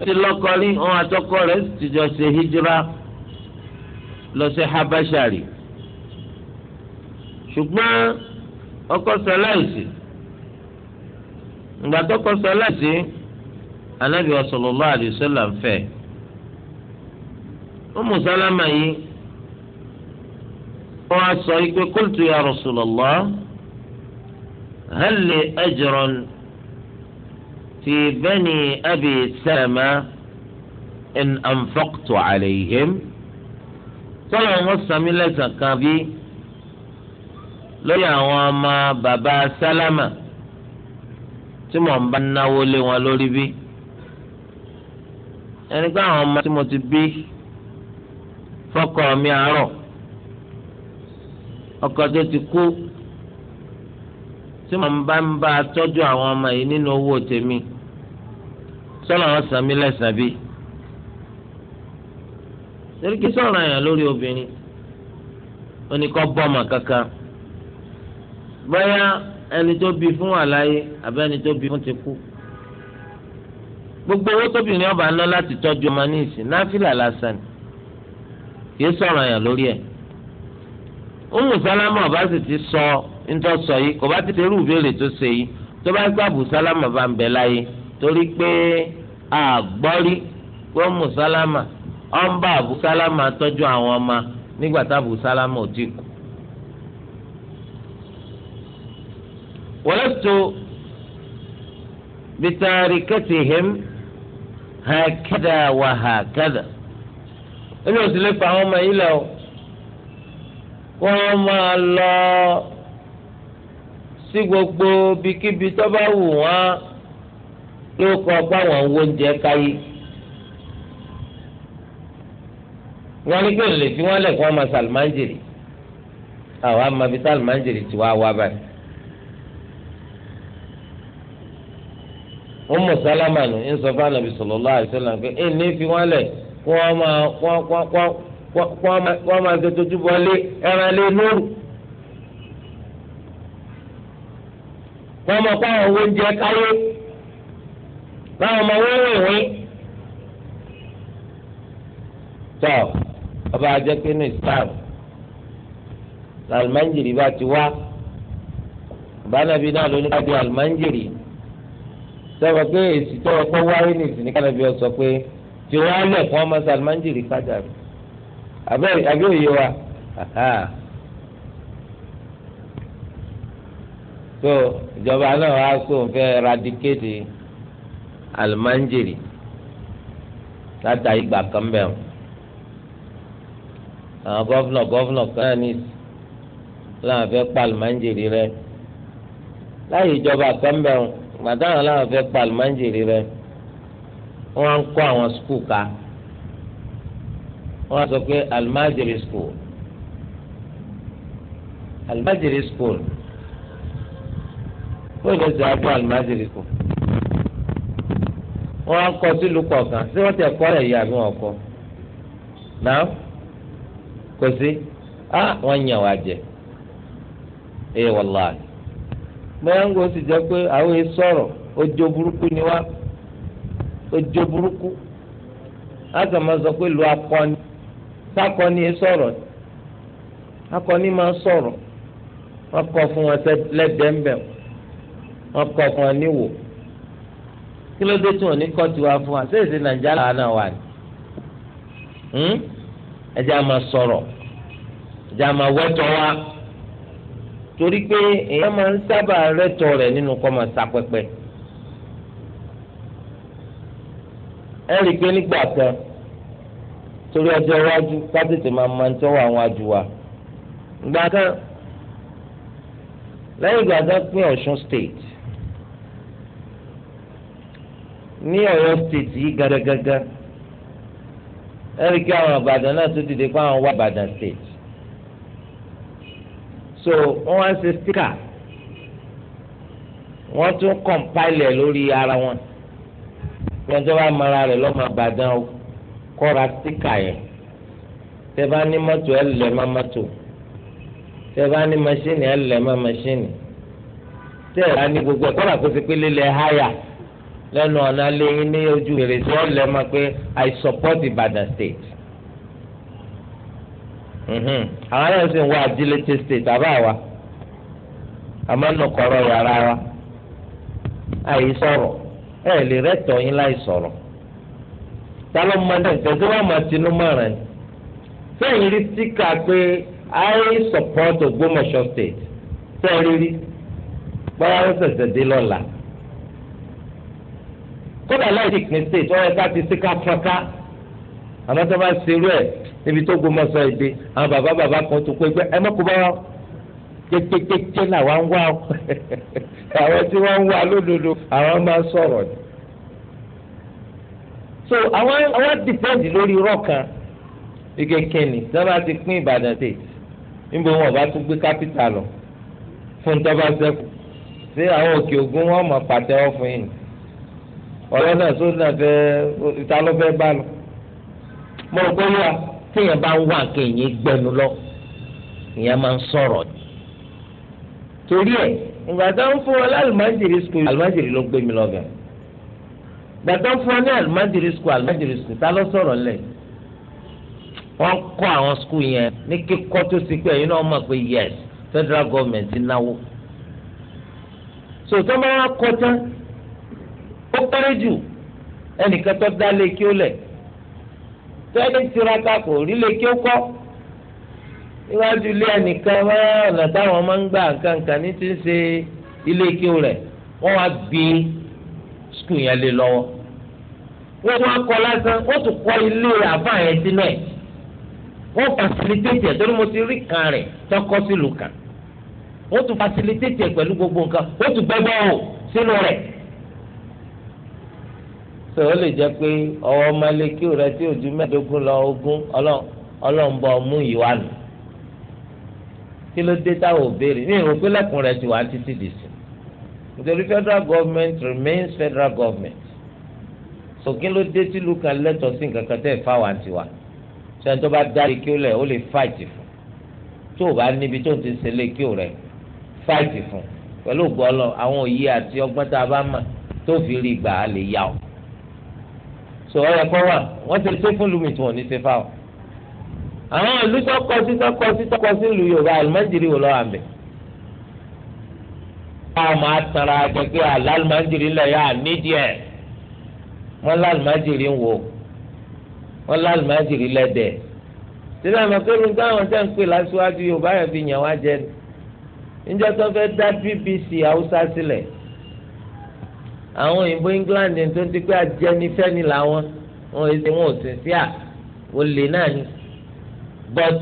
ó ti lọ́kọ rí òun àtọkọ rẹ̀ ti jọ ṣe hijira lọ sí habashari ṣùgbọ́n ọkọ sọláìsì ìgbà tọkọ sọláìsì anabi ń ó yìí. wọ́n sọ ikpe qultu ya Rasulullah hal li ti fi abi Salama in anfaqtu alayhim sọ́lá wọn sami lẹ́sàn kan bi, lórí àwọn ọmọ baba sálámà tí mo ń bá náwó lé wọn lórí bí ẹni pé àwọn ọmọ tí mo ti bí fọkọ mi àárọ̀. ọkọ tó ti kú tí màá bá ń bá a tọ́jú àwọn ọmọ yìí nínú owó tèmi sọ́nà wọn sàn mí lẹ́sàn bí. torí kí sọ̀rọ̀ àyàn lórí obìnrin oníkọ́ bọ́ọ̀mà kankan bóyá ẹni tó bí fún àlàyé àbí ẹni tó bí fún ti kú. gbogbo owó tóbìnrin ọba ná láti tọ́jú ọmọ ní ìsìn náfìlà lásán kì í sọ̀rọ̀ àyàn lórí ẹ̀. umusalama ọba sì ti sọ ntọ́sọ yìí kò bá ti dẹrù ìbéèrè tó ṣe yìí tó bá Abu bá ń láyé torí pé àgbọ́rí pé umusalama Abu Salama tọ́jú àwọn ọmọ nígbà tá Abu ò ti kú. ولست بتاركتهم هكذا وهكذا. èmi ò sì lè pa wọ́n máa lọ sí gbogbo bikíbi tó bá wù wọ́n ló kọ́ wọn oúnjẹ káyé. wọ́n ní pé lè fi wọ́n lẹ̀ kó wọ́n máa sàlùmáǹjèrè àwọn amabi sàlùmáǹjèrè tí wàá wá báyìí. ọmọ sálámà nù ń sọ fún anabi pé ní fi wọ́n lẹ̀ kó wọ́n máa ṣe tójú bọ́lé ẹran lé lóru. wọ́n mọ̀ pé àwọn oúnjẹ káyé láwọn ọmọ wíwìnwín. tọ́ ọba ajẹ́pẹ́ ní islam làlùmáńjìrì bá ti wá bánàbí náà ló ní ká di àlùmáńjìrì sọ̀rọ̀ pé èsì tó ọkọ̀ wáyé nìsín ní kánàbí ọ sọ pé tí wọ́n á lẹ̀ fún ọmọ sàlùmáńjìrì kájà rẹ̀ àbí òye wa so ìjọba náà wá pé òun fẹ́ radicate alimanjiri láta ìgbà kan bẹ́ẹ̀ àwọn gọ́fúnà gọ́fúnà kan ní láwọn fẹ́ pa alimanjiri rẹ láyé ìjọba kan bẹ́ẹ̀ gbàdáwọn láwọn fẹ́ pa alimanjiri rẹ wọ́n á àwọn skul ká wọ́n sọ pé almajiri school almajiri school wọ́n yóò sọ abọ́ almajiri school wọ́n á kọ́ sílùú kọ̀ọ̀kan ṣé wọ́n ti ẹ̀kọ́ rẹ̀ yìí àbí wọ́n kọ́ náà kò sí á wọ́n yàn wá jẹ ee wàláhì bẹ́ẹ̀ ń gbọ́ sì jẹ́ pé àwọn èèyàn sọ̀rọ̀ ọjọ́ burúkú ni wá ọjọ́ burúkú á sọ ma sọ pé lu akọni. sákọni sọrọ, sọ̀rọ̀ akọni máa sọ̀rọ̀ wọ́n kọ́ fún wọn lẹ́dẹ̀ẹ́mbẹ̀ wọ́n kọ́ fún wọn níwò kí ló dé tí wọ́n ní kọ́ tiwa fún wa ṣéèṣì nàìjíríà làwọn náà wà ní. Hmm? a máa a máa wa torí pé èèyàn máa ń sábà rẹ́tọ̀ rẹ̀ nínú kọ́ máa sapẹ́pẹ́ ẹ rí i pé nígbà kan. torí ọjọ́ iwájú ká tètè máa ma ń tọ́wọ́ àwọn ajú wa. ìgbà kan lẹ́yìn ìgbà kan pín Ọ̀ṣun state ní Ọ̀yọ́ state yìí gàdàgàdà ẹ̀rí kí àwọn Ìbàdàn náà tó dìde pé àwọn wá Ìbàdàn state so wọ́n wá ń ṣe sticker wọ́n tún compile lórí ara wọn ìjọba mara rẹ̀ lọ́mọ Ìbàdàn o. kọ́ra síkà yẹn tẹ́ bá ní mọ́tò ẹ lẹ̀ má mọ́tò a bá ní mọ́ṣíìnì ẹ lẹ̀ má bá ní gbogbo ẹ kọ́ra kó ti pé lílẹ̀ háyà lẹ́nu ọ̀nà ní ojú fèrèsé ẹ lẹ̀ má pé I support Ibadan state mhm. àwọn náà sì ń wá agility state àbá wa àmọ́ nùkọ̀rọ̀ yàrá wa àyè sọ̀rọ̀ ẹ̀ lè rẹ́tọ̀ yín talọ́ mọ́tò nǹkan tí wọ́n máa tinú mọ́ràn ni sẹ́yìn rí síkà pé I support Ògbómọ̀ṣọ́ state sẹ́yìn rí báwa ó ṣẹ̀ṣẹ̀ dé lọ́la kódà láì sí ìpín state wọ́n yẹ ká ti síkà fọ́nká àmọ́ tó bá ṣerú ẹ̀ níbi tó Ògbómọ̀ṣọ́ èdè àwọn bàbá bàbá kan tó pé ẹ mọ́ kó bá wọn kékeré làwọn ń wá àwọn tí wọ́n ń wá lódodo àwọn máa sọ̀rọ̀ ni so àwọn àwọn dìpẹ́ǹdì lórí irọ́ kan ike kínní sábà ti pín Ìbàdàn tè níbo wọn bá tún gbé kápítà lọ fún tọ́ba sẹ́kù ṣé àwọn òkè ògùn wọn mọ̀ pàtẹ́wọ́ fún yìí ọ̀rẹ́ náà tó náà fẹ́ ìta ló fẹ́ bá lọ. mo rò pé wíwá téèyàn bá ń wà kéèyàn gbẹnu lọ ìyẹn máa ń sọ̀rọ̀ torí ẹ̀ ìgbà tó ń fún wọn lálùmájèrè sukùl àlùmájèrè ló gbé mi lọ bẹ̀rẹ̀ gbàtọ́ fún ọ ní alimajiri school alimajiri school ta ló sọ̀rọ̀ lẹ̀ wọ́n kọ́ àwọn school yẹn ní kíkọ́ tó ti pé ẹ̀yin náà mọ̀ pé yes federal government náwó so tó máa kọ́ tán ó kéré jù ẹnìkan tó dá lé kí ó lẹ̀ tó ẹni tiraka kò rí lé kí ó kọ́ níwájú ilé ẹnìkan wọ́n ọ̀nà táwọn máa ń gbà kankan ní ti ń ṣe ilé kí ó rẹ̀ wọ́n wá gbé skul yẹn lé lọ́wọ́ wọ́n wá kọ́ lásán wọ́n tún kọ́ ilé àbá yẹn sínú torí mo ti rí kan rẹ tọkọ sílùú kan wọ́n tún fàsilitéètì gbogbo nǹkan Otu tún gbẹ́gbẹ́ o sínú rẹ̀ sọ ó lè jẹ́ pé ọwọ́ kí tí nítorí federal government remains federal government sòkín ló dé tí lu kan lẹ́tọ̀ọ́ sí nǹkan kan tẹ́ ẹ̀ fáwọn àtiwá sẹ́ni tó bá dáre kí ó lẹ̀ ó lè fáìtì fún tó o bá níbi tó o ti ṣe lé kí o rẹ̀ fáìtì fún pẹ̀lú gbọ́lọ̀ àwọn òye àti ọgbọ́n tá a bá mọ̀ tó fi rí gbà á lè yá o sọ ọ yẹ kọ́ wà wọ́n ti ṣe fún lumi tí wọ́n ní ṣe fáwọn àwọn ìlú tó sí tó sí ìlú Yorùbá àlùmọ́jìrì wọn máa tanra jẹ pé alálùmájìrì ńlẹ yà nídìí ẹ wọn lálùmájìrì ń wò wọn lálùmájìrì lẹdẹ síbẹ̀ àmọ́ pẹ̀lú táwọn tẹ̀ ń pè lásìwájú yorùbá yẹn fi yàn wá jẹ níjọ́ tó fẹ́ dá BBC haúsá sílẹ̀ àwọn òyìnbó England tó ti pé ajẹnifẹ́ni làwọn wọn èsì wọn ò sì sí à olè náà ni but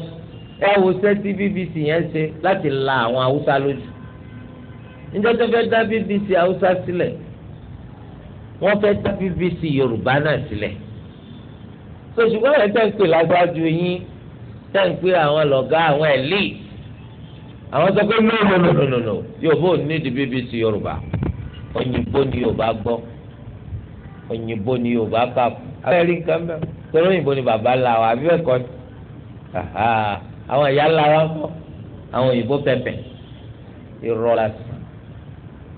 ẹ wo sẹ́tí BBC yẹn ṣe láti la àwọn haúsá lójú níjọ́ tó fẹ́ dá BBC Haúsá sílẹ̀ wọ́n fẹ́ dá BBC Yorùbá náà sílẹ̀ so ṣùgbọ́n ẹ̀ tẹ́ ń pè lágbájú yín tẹ́ ń pè àwọn lọ́gá àwọn ẹ̀lí àwọn sọ pé no no no no no Yorùbá ò ní di BBC Yorùbá òyìnbó ni Yorùbá gbọ́ òyìnbó ni Yorùbá kà kú abẹ́rẹ́ nǹkan bẹ́ẹ̀ torí òyìnbó ni bàbá la wa àbí ẹ̀kọ́ ni àwọn ìyá ńlá wa kọ́ àwọn òyìnbó pẹ̀pẹ̀ ìrọ̀lá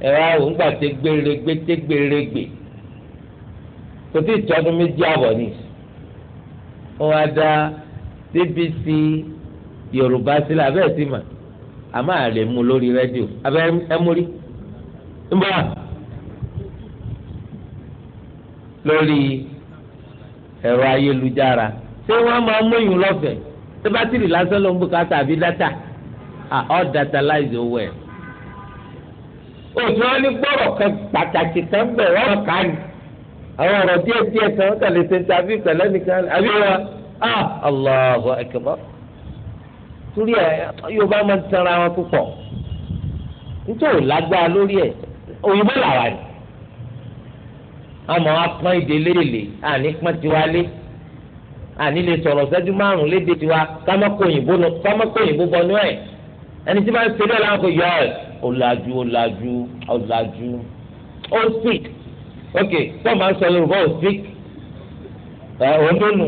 ẹ wá wò ńgbà tẹ gbèrègbè tẹ gbèrègbè kò tí ì tọdún méjì àbọ̀ ni wọn wá dá BBC Yorùbá sílẹ̀ abẹ́ẹ̀ sí mà àmọ́ àlè mu lórí rédíò abẹ́ ẹ mú rí ń bọ̀ lórí ẹ̀rọ ayélujára ṣé wọ́n máa mú ìyún lọ́fẹ̀ẹ́ ṣé bátìrì lásán ló ń bùkátà àbí dátà ọ̀ dátà láìsí owó ẹ̀ òtún wọn ní gbọ́rọ̀ kan pàtàkì kan bẹ̀ wọ́n kà ní àwọn ọ̀rọ̀ díẹ̀ díẹ̀ kan wọ́n kàlẹ́ ṣe tàbí pẹ̀lẹ́ nìkan àbí wọn á ah, Allahu akbar torí ẹ Yorùbá máa ń tanra wọn púpọ̀ nítorí lágbára lórí ẹ òyìnbó làwà ni àmọ́ apọ́n èdè léèlè àní pọ́n tiwa lé àní lè sọ̀rọ̀ ṣẹ́jú márùn-ún léde tiwa kámọ́kò òyìnbó bọ́nú ẹ̀ ẹni tí máa ń ṣe bẹ́ẹ̀ láwọn kò yọ ẹ̀ ó lajú ó lajú ó lajú ó speak ok sọ́ọ̀ máa ń sọ Yorùbá ó speak ẹ̀ òun ló nù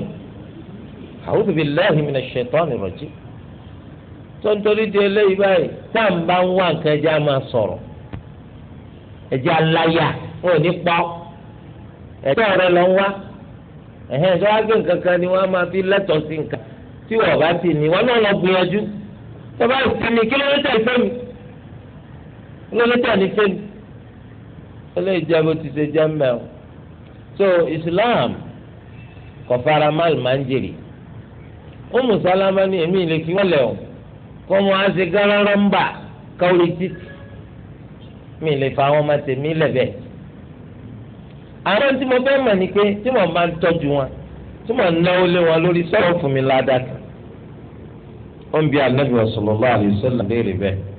a'udhu billahi minash shaitanir rajim tó ń torí di eléyìí báyìí tá à ń bá ń wá nǹkan ẹja máa sọ̀rọ̀ ẹja aláya wọn ò ní pọ́ ẹ̀jẹ̀ ọ̀rẹ́ lọ ń wá ẹ̀hẹ́n tó wá gbé nǹkan kan ni wọ́n máa fi lẹ́tọ̀ọ́ sí nǹkan tí wọ́n bá ti ní wọ́n náà lọ gbìyànjú tó bá kí ló ń tẹ̀sẹ̀ mi lọ́lẹ́tà ní sẹ́ni eléyìí jẹ́ bó ti ṣe jẹ́ mẹ́wọ́ so Islam kò fara má lè máa ń jèrè ó mùsàlámà ní èmi ìlè fi wọ́n lẹ̀ ọ́ kọ́ mọ́ á ṣe gárárá ń bà káwé títì mi lè fa àwọn ọmọ tèmi lẹ̀bẹ̀ àwọn tí mo fẹ́ mọ̀ ni pé tí mo máa ń tọ́jú wọn tí mo náwó lé wọn lórí sọ̀rọ̀ fún mi ládàá kan ó ń bi Ànábì sallallahu alaihi wasallam léèrè bẹ́ẹ̀.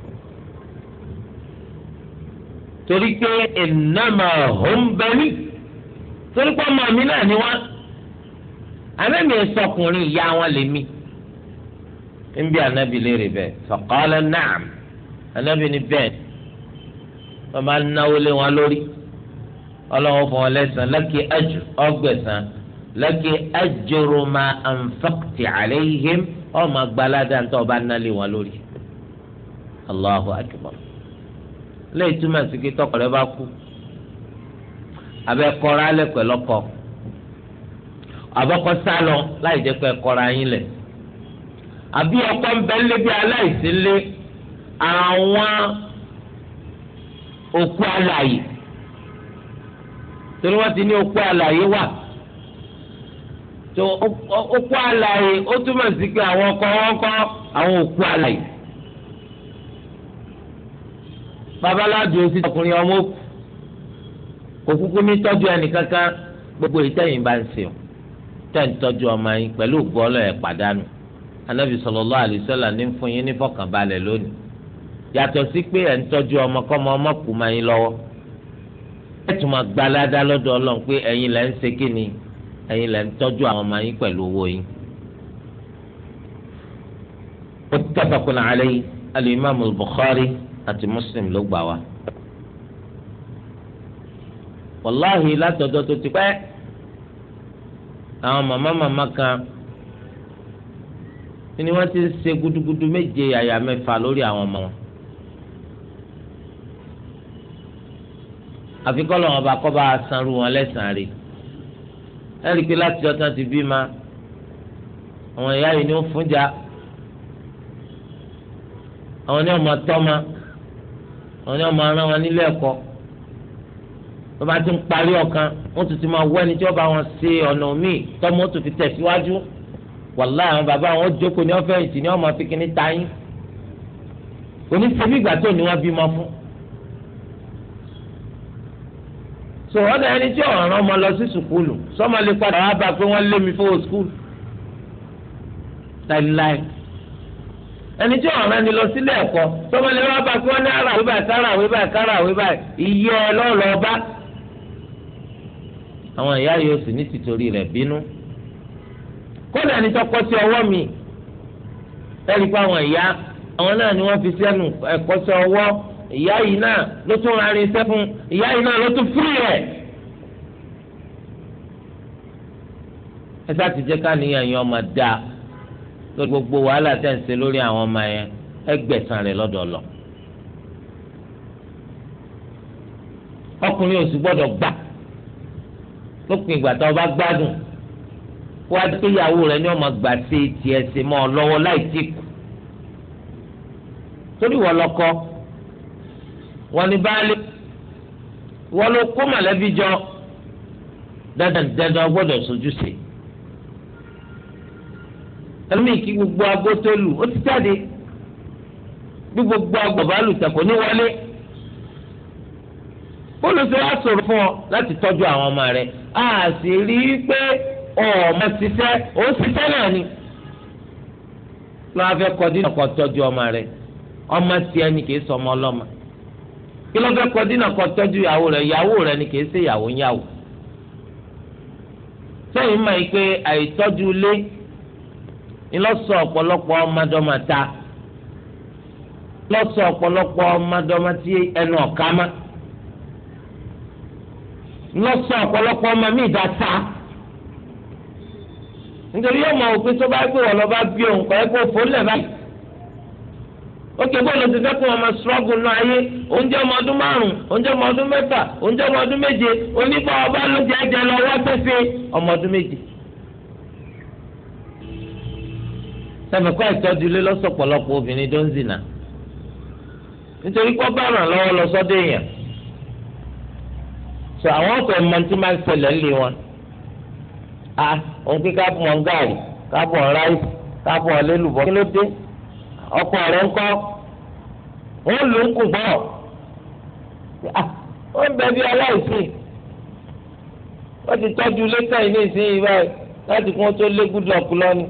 torí pé ìnáma hóńbẹ́lì torí pé ọmọ mi náà ni sọkùnrin ìyá wọn lè mi ń bí anábì léèrè bẹ́ẹ̀ na'am anabi ni bẹ́ẹ̀ wọ́n máa náwó lé wọn lórí ọlọ́wọ́ laki laki ma ọmọ gbalada ń tọ́ ọba nálé wọn lórí Allahu akbar. lẹ́yìn túmọ̀ sí pé tọkọ bá kú abẹ́ kọ́ra ọkọ abọ́kọ sálọ láì jẹ́ pé kọ́ra yín lẹ̀ àbí ọkọ ń bẹ lé bí aláìsí lé àwọn òkú torí wọ́n ti ní òkú alàyè wà tó òkú ó túmọ̀ ọkọ wọn kọ́ àwọn òkú babaláàdùn ó sì ọkùnrin ọmọ òkùnkùn ní tọ́jú ẹnìkankan gbogbo ìtẹ̀yìn bá ń ṣe o tọ́jú ọmọ yín pẹ̀lú ògbọ́lọ̀ ẹ̀ pàdánù anábì sallallahu alaihi wasallam ní fún yín ní fọkànbalẹ̀ lónìí yàtọ̀ sí pé ẹ̀ ń tọ́jú ọmọ kọ́mọ ọmọ kù máa yín lọ́wọ́ ẹ̀ tún máa gbalada lọ́dọ̀ ọlọ́run pé ẹ̀yin lẹ́ ń ṣe kí ni ẹ̀yin lẹ́ ń tọ́jú àwọn ọmọ yín pẹ̀lú owó yín. muttafaqun alayhi al-imam al-Bukhari àti muslim ló gbà wá. wàláhì látọ̀dọ̀ tó ti pẹ́ àwọn màmá màmá kan ni wọ́n ti ń ṣe gudugudu méje àyà mẹ́fà lórí àwọn ọmọ wọn. àfi kọ́lọ̀ ọba kọ́ba sanru wọn lẹ́sàn-án rè é rí i pé láti ọ̀tán ti bí ma àwọn ìyá yìí ni ó fún jà àwọn ní ọmọ tọ́ ma wọn ni wọn máa rán wọn nílé ẹ̀kọ́ bàbá tí ń parí ọ̀kan wọn tún ti máa wọ ẹni tí wọn bá wọn ṣe ọ̀nà míì tọ́mọ tó fi tẹ̀síwájú wàlá àwọn bàbá wọn jókòó ní ọ̀fẹ́ ìtì ní ọmọ fìkì ní tayín oníṣẹ́bí ìgbà tó ní wọn bímọ fún. so wọn náà ẹni tí ọ̀ràn ọmọ lọ sí sùkúlù sọmọ lè padà wá bá pé wọ́n lé mi fowó sùkúlù láìláì ẹni tí ọ̀ràn ni lọ sílé ẹ̀kọ́ tọ́mọlẹ́ wá bá kí wọ́n ní ara àwíbà kára àwíbà kára àwíbà iye ẹ lọ́ọ̀lọ́ bá. àwọn ìyá yóò sì ní tìtorí rẹ̀ bínú. kódà ní tọkọ sí ọwọ́ mi ẹ̀rí àwọn ìyá àwọn náà ni wọ́n fi sẹ́nu ẹ̀kọ́ sí ọwọ́ ìyá yìí náà ló tún rárí iṣẹ́ fún ìyá yìí náà ló tún fúri rẹ̀. ẹ sá ti jẹ́ ká níyàn lórí gbogbo wàhálà tẹ̀ ń ṣe lórí àwọn ọmọ yẹn ẹ gbẹ̀san rẹ̀ ọkùnrin oṣù gbọ́dọ̀ gbà lópin ìgbà tó bá gbádùn kó a dé ìyàwó rẹ̀ ní ọmọ gbà ṣe tiẹ̀ ṣe mọ́ ọ lọ́wọ́ láì tí kù. torí wọ́n lọ́kọ́ wọ́n ní baálé wọ́n ló kó mọ̀lẹ́bí jọ dandan dandan gbọ́dọ̀ sojúṣe. So ẹlòmíì kí gbogbo agbó tó lù ó ti jáde bí gbogbo agbó bá lù tẹ̀kọ́ ní wọlé olùsọ wa sọ̀rọ̀ fún ọ láti tọ́jú àwọn ọmọ rẹ̀ a sì rí i pé ọmọ ṣiṣẹ́ ó ṣiṣẹ́ náà ni lọ́wọ́ fẹ́ kọ́dí kọ́ tọ́jú ọmọ rẹ̀ ọmọ tiẹ̀ ni kì í sọmọ ọlọ́mọ kí ló fẹ́ kọ́dí kọ́ tọ́jú ìyàwó rẹ̀ ìyàwó rẹ̀ ni kì í ṣe ìyàwó ń yàwó sẹ́yìn mọ̀ pé àìtọ́jú ilé Ịlọsọ ọpọlọpọ ọmọdọmọta lọsọ ọ̀pọ̀lọpọ̀ ọmọdọmọtì ẹnu ọkàmá lọsọ ọpọlọpọ ọmọ mi ìdásá nítorí ọmọ òfin tó bá gbé wọn lọ bá bí òun kọ́ ẹ fẹ́ kó wọn máa náà ayé oúnjẹ ọmọ ọdún márùn oúnjẹ sẹ́mi kọ́ ìtọ́jú lé lọ́sọ̀pọ̀lọpọ̀ obìnrin tó ń zìnà nítorí kọ́ bá ràn lọ́wọ́ lọ sọ́dọ̀ èèyàn sọ àwọn ọ̀fẹ́ mọ tí máa ń ṣẹlẹ̀ ńlẹ̀ wọn a òun kí káàpù wọn gàrí káàpù wọn ráìsì káàpù wọn lélùbọ́ kí ló dé ọkọ rẹ̀ ń kọ́ òun ló ń kù bọ́ ó ń bẹ bí aláìsí wọ́n ti tọ́jú lẹ́tà ìní ìsinyìí báyìí láti kí wọ́n tó lé gúdọ̀kú lọ́nìí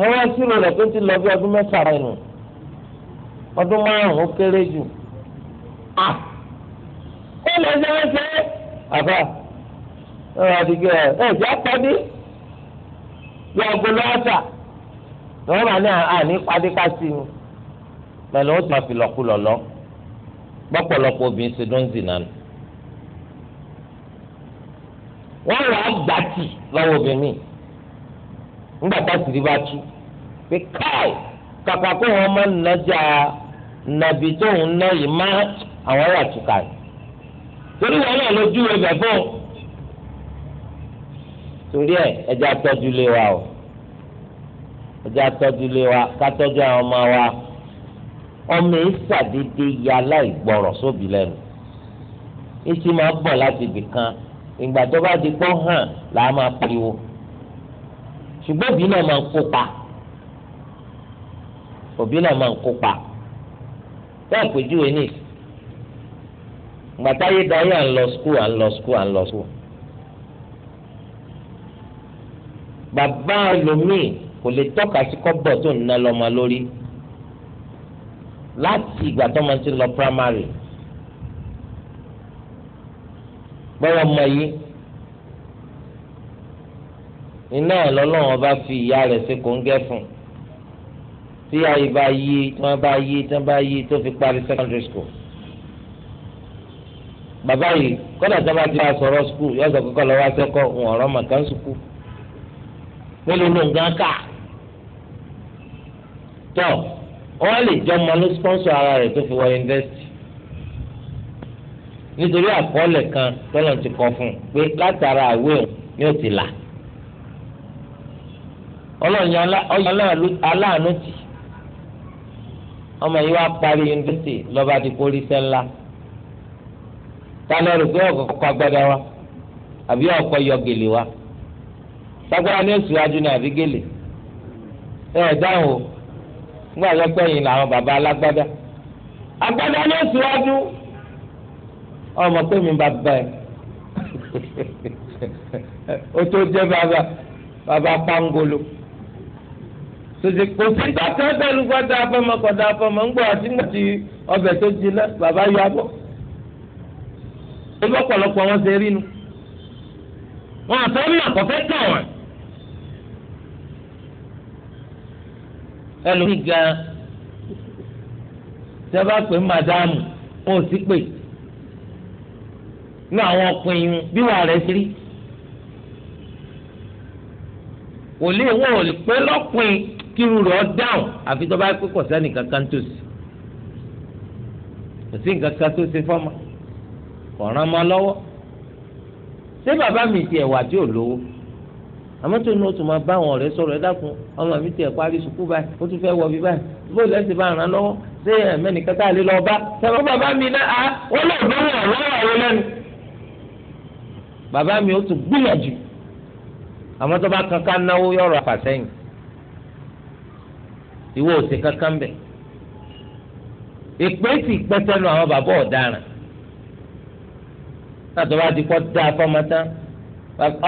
mo wá sírò rẹ̀ pé ti lọ bí ọdún mẹ́sàrán nù ọdún márùn-ún ó kéré jù à ó lè ṣe é ṣe é àbá ẹ wà dìgbẹ́ ẹ ẹ jẹ́ pàdé bí ọgọ lọ́ọ̀tà lọ́wọ́ máa ní àní pàdé ká sí ni pẹ̀lú ó ti máa fi lọ́kù lọ́lọ́ gbọ́pọ̀lọpọ̀ obìnrin ṣe dún zì nánu wọ́n rà á gbàtì lọ́wọ́ obìnrin nígbà tá a sì rí bá tú pé káì kàkà kó wọn máa nàjà nàbì tó ń ná yìí má àwọn wà túkà yìí torí wọn náà lójú ẹgbẹ fún un torí ẹ ẹjẹ atọ́jú lé wa o ẹjẹ atọ́jú lé wa kátọ́jú àwọn ọmọ wa ọmọ yìí ṣàdédé ya láìgbọ́rọ̀ sóbì lẹ́nu ìsì máa bọ̀ láti ibì kan ìgbà di pọ́ hàn là máa pariwo ṣùgbọ́n òbí náà máa ń kópa òbí náà máa ń kópa bẹ́ẹ̀ pèjúwe ní gbàtáyé dayé à ń lọ skul à ń lọ skul à ń lọ skul bàbá ẹlòmíì kò lè tọ́ka sí kọ́bọ̀ tó ń ná lọ́mọ lórí láti ìgbà tó máa ti lọ primary bọ́lá ọmọ yìí iná lọ́lọ́run ọba fi ìyá rẹ̀ ṣe kòńgẹ́ fún tí ayé bá yí tí wọ́n bá yí tí wọ́n bá yí tó fi parí secondary school. bàbá yìí kọ́dà tó bá ti bá sọ̀rọ̀ school yóò sọ kọ́kọ́ lọ́wọ́ akẹ́kọ̀ọ́ ń ọ̀rọ̀ màkàn sukù mélòó ló ń gán kà tọ́ wọ́n lè jọ ọmọ ló sponsor ara rẹ̀ tó fi wọ yunifásitì nítorí àkọọ́lẹ̀ kan tọ́lọ̀ ti kọ fún un pé látara àwẹ̀ ni ó ti là ọlọ́run yẹn aláàánú tì ọmọ yìí wá parí yunifásitì lọ́ba ti polisi ńlá tálẹ́ rò pé ọ̀kọ̀ kọ́ agbádá wa àbí ọ̀kọ̀ yọ gèlè wa sagbara ní oṣù adúlọ àbí gèlè ẹ ẹ dáhùn o nígbà tó pẹ́yìn làwọn baba alágbádá agbádá ní oṣù adú ọmọ pé mi bàbá ẹ o tó jẹ bàbá bàbá pangolo sose kò sí dọ́kítà bẹ́ẹ̀lú gbọ́dọ̀ afọ́mọ kọ̀dọ̀ afọ́mọ ńgbọ́ àti ńgbàtí ọbẹ̀ tó di náà bàbá yọ abọ́. ebi ọ̀pọ̀lọpọ̀ wọn ṣe rí nu. wọn àtọ́ mi àkọ́fẹ́ tàn wọ́n. ẹlòmíì gan tẹ́ bá pè màdámù wọn ò sí pè ní àwọn ọkùnrin bí wàá rẹ̀ ṣe rí. wòlíì wọn ò lè pé lọ́kùnrin kírú rẹ̀ ọ́ dáhùn àfi tó bá pé kò sẹ́ni kankan tó sí kò sí nǹkan kan tó ṣe fọ́mọ kò ràn mọ́ lọ́wọ́ ṣé bàbá mi tiẹ̀ wà tí ò lówó àmọ́ tó ní o tún máa bá àwọn ọ̀rẹ́ sọ̀rọ̀ ẹ dákun ọmọ mi tiẹ̀ parí sùkúù báyìí ó tún fẹ́ wọ bí báyìí bó lẹ́sìn bá ràn án lọ́wọ́ ṣé ẹ̀mẹ́ni kẹta lè lọ bá ṣẹ́wọ́n bàbá mi náà ah, wọ́n lọ lọ́wọ́ lọ́wọ́ àwọn lẹ́nu. bàbá mi ó tún gbìyànjú àmọ́ tó bá kankan náwó yọ̀rọ̀ àfàsẹ́yìn ìwọ ose ṣe kankan bẹ̀ ìpè sì pẹ́sẹ́ nu àwọn bàbá láti wá di kọ́ da afọ́mọ́tá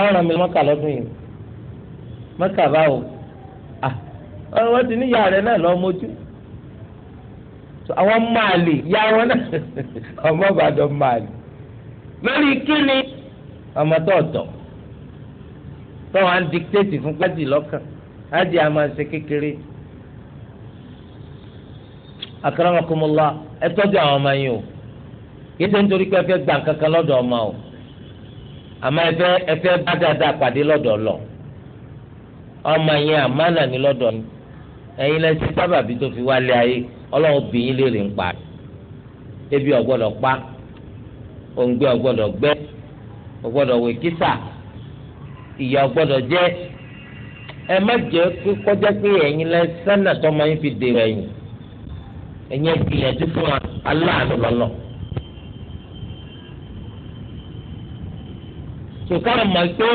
ọ̀ràn mi mọ́kà lọ́dún yìí mọ́kà báwo wọ́n ti ní ìyá rẹ̀ náà lọ́ọ́ mójú àwọn máàlì ìyá wọn náà ọmọ ìbàdàn máàlì lórí kíni ọmọ tọ̀tọ̀ tọ́wọ́n á ń fún pẹ́ẹ́tì lọ́kàn á di àmọ́ ṣe kékeré. akramakumullah ẹ tọ́jú àwọn ọmọ yín o kì nítorí pé ẹ gbà kankan o àmọ́ ẹ fẹ́ bá dáadáa pàdé lọ́dọ̀ lọ ọmọ yẹn àmánà ní lọ́dọ̀ ni ẹ̀yin lẹ́sìn tó fi wálé ayé ọlọ́run bìyín lè rìn pa ebi ọ̀gbọ́dọ̀ pa òǹgbẹ ọ̀gbọ́dọ̀ gbẹ ọ̀gbọ́dọ̀ wẹ̀ kísà kó pé sánà ẹ̀yin ẹ̀gbìyànjú fún wa aláàánú lọ́lọ́. sùkárù mọ̀ pé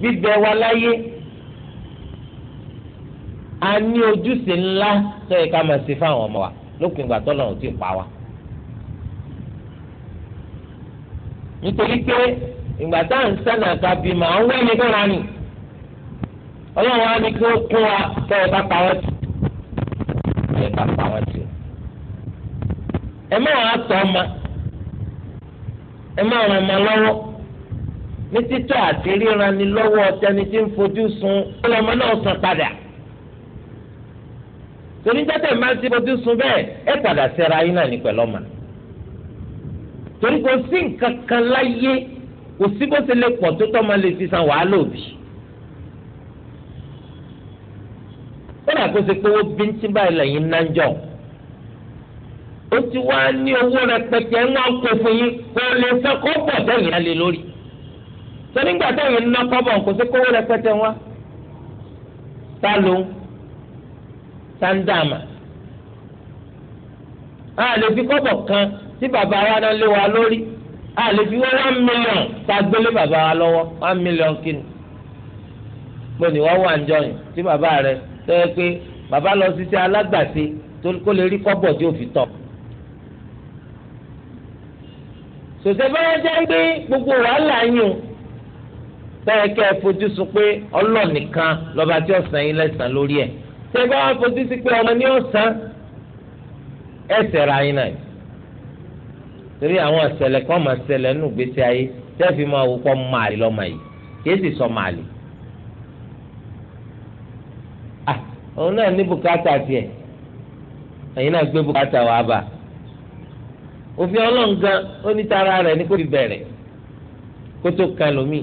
bíbẹ wa láyé a ní ojúṣe ńlá tó yẹ ká máa ṣe fáwọn ọmọ wa lópin ìgbà tó lọ́rùn tí ì pa wa. nítorí pé ìgbà tá à ń sànà ká bímọ àwọn ẹni tó ra nì ọlọ́run á ní kí ó kún wa kẹ́ ẹ bá pa wọ́n tù yẹn ká pa wọn sí. ẹ má wàá tọ́ ọmọ ẹ má ràn ọmọ lọ́wọ́ ní títọ́ àti ríran ni lọ́wọ́ ọ̀tẹ́ni tí ń fojú sun ọlọ́mọ náà san padà. torí jẹ́tẹ̀ máa ti fojú sun bẹ́ẹ̀ ẹ padà sẹ́ra yín náà ní pẹ̀lú ọmọ. torí kò sí nǹkan kan láyé kò sí bó lè pọ̀ tó tọ́ ma lè fi san wàhálà òbí kódà kó ṣe pé owó bíntín báyìí lẹ́yìn náà ń jọ ó ti wá ní owó rẹpẹtẹ ń wọn kó fún yín kó lè fẹ́ kó pọ̀ tẹ̀yìn náà lé lórí tó nígbà tẹ̀yìn náà kọ́bọ̀ kó ṣe kówó rẹpẹtẹ wá tá ló ń tá ń dàmà a lè fi kọ́bọ̀ kan tí bàbá wa náà lé wa lórí a lè fi wọ́n one million tá a gbélé bàbá wa lọ́wọ́ one million kíni mo ní wọ́n wà ń jọyìn tí bàbá rẹ̀ tẹ́ pé bàbá lọ sí sí alágbàṣe kó lè rí kọ́bọ̀ tí ó fi tọ̀. sòsẹ́ báyọ̀ jẹ́ pé gbogbo wàhálà yín o tẹ́ kẹ́ ẹ fojú sùn pé Ọlọ́run nìkan lọ́ba tí ó san yín lẹ́sàn-án lórí ẹ̀ tẹ́ bá wà fojú sí pé ọmọ ní ọ̀sán ẹsẹ̀ ra yín náà torí àwọn ọ̀sẹ̀lẹ̀ kan máa ṣẹlẹ̀ nù gbèsè ayé tẹ́ fi máa wò kọ́ máàlì lọ́mọ yìí kí èsì sọ máàlì. So òun náà ní bùkátà tiẹ̀ ẹ̀yin náà gbé bùkátà wàá bà òfin ọlọ́run gan onítara rẹ̀ ní kó fi bẹ̀rẹ̀ kó tó kan lómi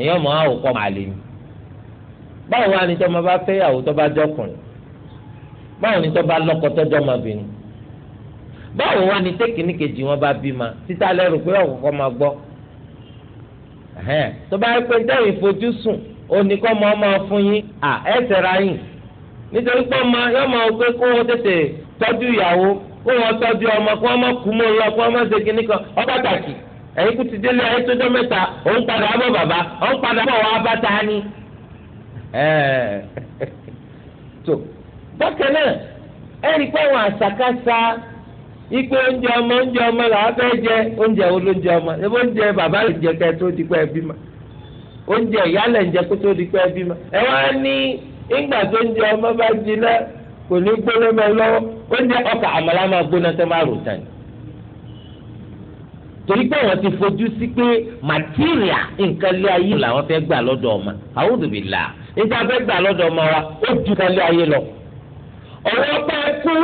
ẹ̀yin ọmọ àwòkọ́ máa lè mi báwo wá ni tó máa bá fẹ́ ìyàwó tó bá jọkùnrin báwo ni tó bá lọ́kọ tó jọ ọmọbìnrin báwo wá ni tẹ́kìnì wọn bá bímọ títà lẹ́rù pé ọ̀kọ̀ọ̀kọ̀ máa gbọ́ tó bá yẹ pé dẹ́rìn fojú sùn oníkọ́ mọ́ ọmọ fún yín ẹ̀ tẹ̀ra yín nítorí pé ọmọ yóò máa wọ pé kó wọ́n tètè tọ́jú ìyàwó kó wọ́n tọ́jú ọmọ kó má kú lọ kó má ṣe kíní kan pàtàkì kú ti délé òun padà ikpe oúnjẹ ọmọ oúnjẹ ọmọ làwọn fẹ́ jẹ oúnjẹ wo lóúnjẹ ọmọ ẹbí oúnjẹ bàbá lè jẹ tó di pẹ́ bí ma oúnjẹ ìyá lè jẹ kó tó di pẹ́ bí ìgbà tó ń jẹ ọmọ bá jiná kò ní gbóná mọ lọ́wọ́ oúnjẹ ọkà àmàlà máa gbóná tó máa rò tán torí pé wọ́n ti fojú sí pé màtíríà nǹkan lé ayé làwọn fẹ́ gbà lọ́dọ̀ ọmọ àwòdùbìlà níta fẹ́ gbà lọ́dọ̀ ọmọ wa ó ju kan lé ayé lọ ọ̀rọ̀ ọpẹ́ kú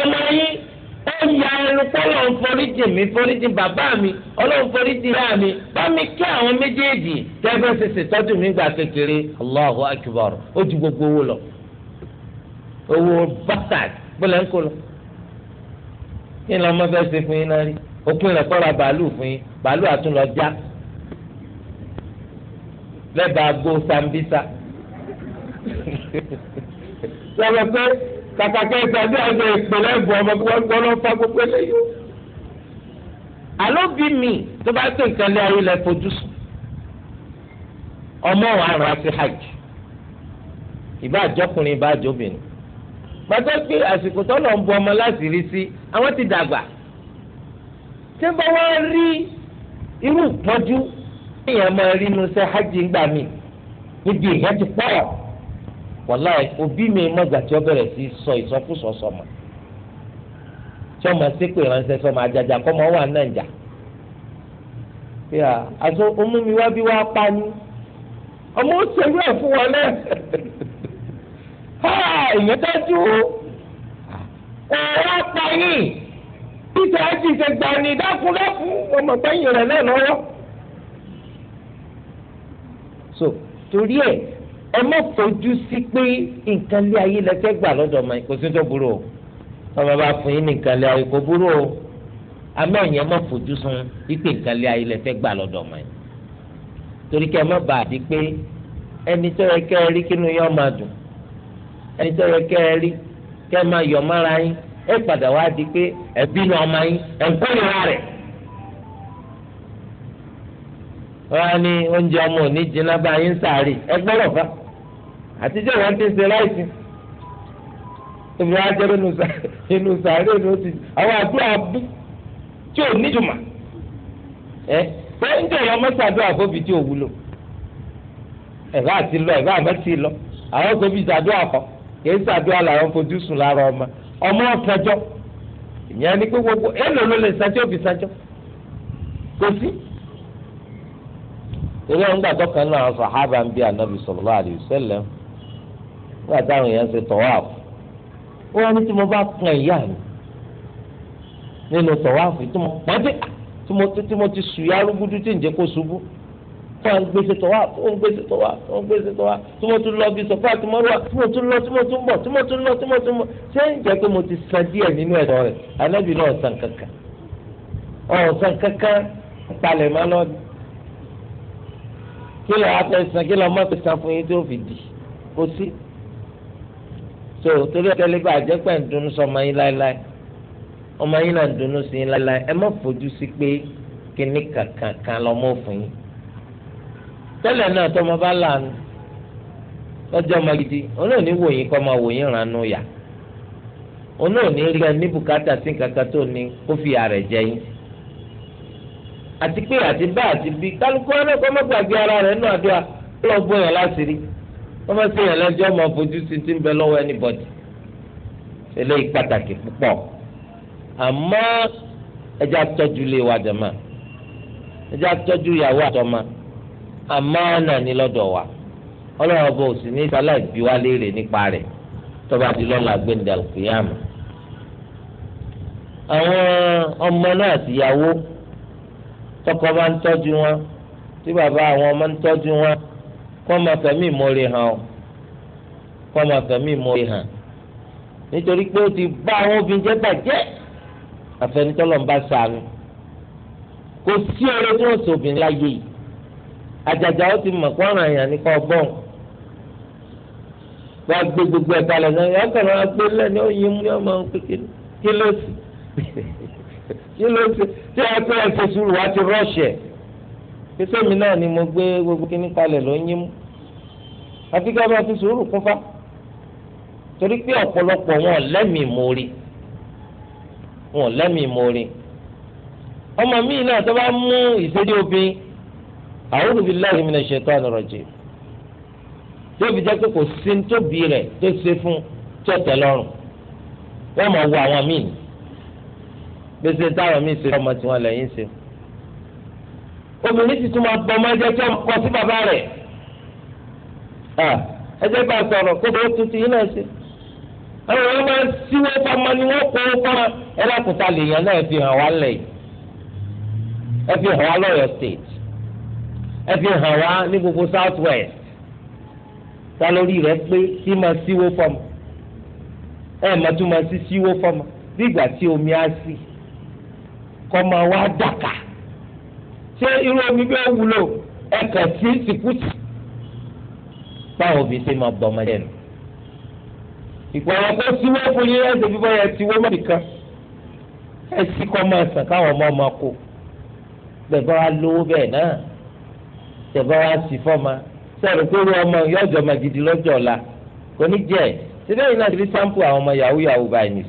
ọmọ yín ó ya ẹnu kọ́lọ̀ ń foríjì mi foríjì bàbá mi ọlọ́run foríjì ìyá mi bá mi kí àwọn méjèèjì tẹ́fẹ́ ṣèṣe tọ́jú mi gbà kékeré Allahu akbar ó ju gbogbo owó lọ owó bastard gbọ́dọ̀ ń kó lọ kí ni ọmọ fẹ́ ṣe fún yín náà rí òpin rẹ̀ kọ́ra bàálù fún yín bàálù àtúnlọ lẹ́bàá go sambisa lọ́wọ́ pé kàkàkẹ́ ìtàdé àgbẹ̀ ìpìlẹ̀ bọ̀ ọmọ gbọ́ ló fa gbogbo eléyìí. àló bí mi tó bá tó nǹkan lé ayé lẹ fojú sùn ọmọ wa rà sí hajj ìbá àjọkùnrin ìbá àjọbìnrin gbàtọ́ pé àsìkò tọ́lọ̀ ń bu ọmọ láti rí sí àwọn ti dàgbà tí bá wá rí irú ìpọ́njú èèyàn máa rí inú sẹ́ hajj ńgbà mí níbi èèyàn ti pọ̀ ọ́ wàláì òbí mi mọ̀gbà tí ó bẹ̀rẹ̀ sí sọ ìsọkúsọ sọmọ tí ọmọ ṣépè ránṣẹ́ sọmọ àjàjà kọ́ ọmọ wà náà jà pé à àti ọmú mi wá bí wá pa ni ọmọ ó ṣerú ẹ̀ fún wọn náà èèyàn dájú ọ̀rọ̀ pa yìí títẹ̀ ẹ̀jì ṣe gbà ní dákúndákún ọmọ gbẹ̀yìn rẹ̀ náà lọ́wọ́ so torí ẹ̀ ẹ má fojú sí pé nǹkan lé ayé lẹ́fẹ́ gbà lọ́dọ̀ ọmọ yìí kò sí tó burú o bàbá bá fún yín ní nǹkan lé ayé kò burú o àmọ́ ẹ̀yìn ẹ má fojú sun pípé nǹkan lé ayé lẹ́fẹ́ gbà lọ́dọ̀ ọmọ yìí torí kẹ́ ẹ má di pé ẹni tó yẹ kẹ́ ẹ rí kínú yọ máa dùn ẹni tó yẹ kẹ́ ẹ rí kẹ́ ẹ máa yọ mára yín ẹ padà wá di pé ẹbí ni ọmọ yín ẹ ń kórìíra rẹ̀. wọ́n á ní oúnjẹ ọmọ òní jiná bá yín sáré ẹgbẹ́ rẹ̀ fún un. àtijọ́ wọn ti ṣe láìsí èmi á jẹ́ inú sàárè ló ti àwọn àdúrà bú tí ò ẹ pé ń jẹ́ fóbi tí ò wúlò lọ àmọ́ ti lọ àwọn kò fi sàdúrà kọ kìí sàdúrà làwọn fojú sùn lára ọmọ ọmọ ọ̀sẹ̀jọ́ ìyẹn ni pé gbogbo èèlò ló lè sàjọ́ òbí sàjọ́ kò sí torí àwọn gbàdọ́ kan náà ń bí ànábì nígbà táwọn èèyàn ṣe tọ̀wáàfù ó wá ní tí mo bá pọn ẹ̀yà mi nínú tọ̀wáàfù tí mo pọ́n dé tí mo tí mo ti sùn yá rúgúdú tí ǹjẹ́ kó ṣubú tó à ń gbèsè tọ̀wáàfù ó ń gbèsè tọ̀wáàfù ó ń gbèsè tọ̀wáàfù tí mo tún lọ bí sọ̀fà tí mo rà tí mo tún lọ tí mo tún bọ̀ tí mo tún lọ tí mo tún bọ̀ ṣé ń jẹ́ pé mo ti san díẹ̀ nínú ẹ̀tọ́ rẹ̀ anábì náà san kankan ọ̀sán kankan palẹ̀ mọ́ lọ́dún kí lọ́ọ́ afẹ́ san kí lọ́ọ́ mọ́ fi san fún yín tí ó fi dì kó sí. so torí ẹtẹlẹ bá jẹ pé ń dùnnú sọmọ yín láéláé ọmọ yín náà ń sí yín láéláé ẹ má fojú sí pé kíní kankan lọmọ fún yín tẹ́lẹ̀ náà tọmọ bá láàánú lọ́jọ́ ọmọ gidi olóòní wò kọ ọmọ wò yín yà olóòní rí ẹ ní bùkátà sí kankan tó ní kó fi jẹ yín àti pé àti bá àti bí kálukú ara nù àdúrà lọ bóyá láti rí. wọ́n bá ṣe ìrànlẹ́jọ́ ọmọ fojú sí ti ń bẹ lọ́wọ́ anybody eléyìí pàtàkì púpọ̀ àmọ́ ẹjẹ́ atọ́jú lé wa jẹ̀mọ́ ẹjẹ́ atọ́jú ìyàwó àtọ́mọ́ àmọ́ nàní lọ́dọ̀ wa ọlọ́run ọba ò sì ní sálà ìbí wa léèrè nípa rẹ̀ tọ́ba di lọ́la gbẹ̀ndà kìyàmù. àwọn ọmọ náà ti yàwó tọkọ bá ń tọ́jú wọn tí bàbá àwọn ọmọ ń tọ́jú wọn kọ́ máa fẹ̀mí ìmoore hàn ọ́ kọ́ máa fẹ̀mí ìmoore hàn nítorí pé ó ti bá àwọn obìnrin jẹ́ bàjẹ́ àfẹnitọ́lọ̀ ń bá sàánú kò sí ọ̀rẹ́ tí wọ́n sọ obìnrin láyé yìí àjàjà ó ti mọ̀ kó ọ̀ràn èèyàn ní kọ́ bọ́ọ̀n wọ́n á gbé gbogbo ẹ̀ka lẹ̀ náà yọ̀ọ́ kẹ̀rọ agbé lẹ́ni ó yin mú ní ọmọ kékeré kí ló sì kí ló sì tí wọ́n pẹ́ ẹ̀ ṣe sùúrù wá ti rọ́ọ̀ṣẹ̀ pèsè mi náà ni mo gbé gbogbo kíní kalẹ̀ ló ń yín mú àfi ká bá fi sùúrù kún fá torí pé ọ̀pọ̀lọpọ̀ wọn lẹ́mìí mórí wọn lẹ́mìí mórí ọmọ mi náà tó bá mú ìṣèdí obìnrin a'udhu billahi minash shaitani rajim tó fi jẹ́ pé kò sí tóbi rẹ̀ tó ṣe fún tọ̀tẹ̀ lọ́rùn wọ́n mọ̀ wọ àwọn míì gbèsè táwọn míì ṣe ọmọ tí wọ́n lẹ́yìn ṣe fún obìnrin sì tún máa bọ ọmọ ẹjẹ tí wọn kọ sí bàbá rẹ̀ ẹjẹ bá sọ̀rọ̀ kó bó tuntun yìí náà ṣe àwọn ọmọ máa ń síwó fọmọ ni wọn kó fọmọ ẹ lákòóta lèèyàn náà fi hàn wá lẹ̀ ẹ fi hàn wá lọ́yọ̀ state ẹ fi hàn wá ní gbogbo south west ta lórí rẹ̀ pé tí máa síwó fọmọ ẹ máa tún máa sí síwó fọmọ bí ìgbà tí omi á sí kọ́ máa wá dàkà ṣé irú omi bẹ́ẹ̀ wúlò ẹ̀kẹ́ sí sìkútì báwo fi ṣe máa bọ ọmọdé nù. ìgbọ̀wọ́ kó síwó fún yín ẹ̀sẹ̀ bíbọ̀ yẹn ti wó mọ́bì kan kọ́ máa sàn káwọn ọmọ ọmọ kó bẹ́ẹ̀ wa lówó bẹ́ẹ̀ náà bẹ́ẹ̀ wa sì fọ́ ma sẹ́ẹ̀rù pé irú ọmọ yọjọ́ ma gidi lọ́jọ́ ọ̀la kò ní jẹ́ síbẹ̀ yìí náà ti rí sáǹpù àwọn ọmọ yahoo yahoo báyìí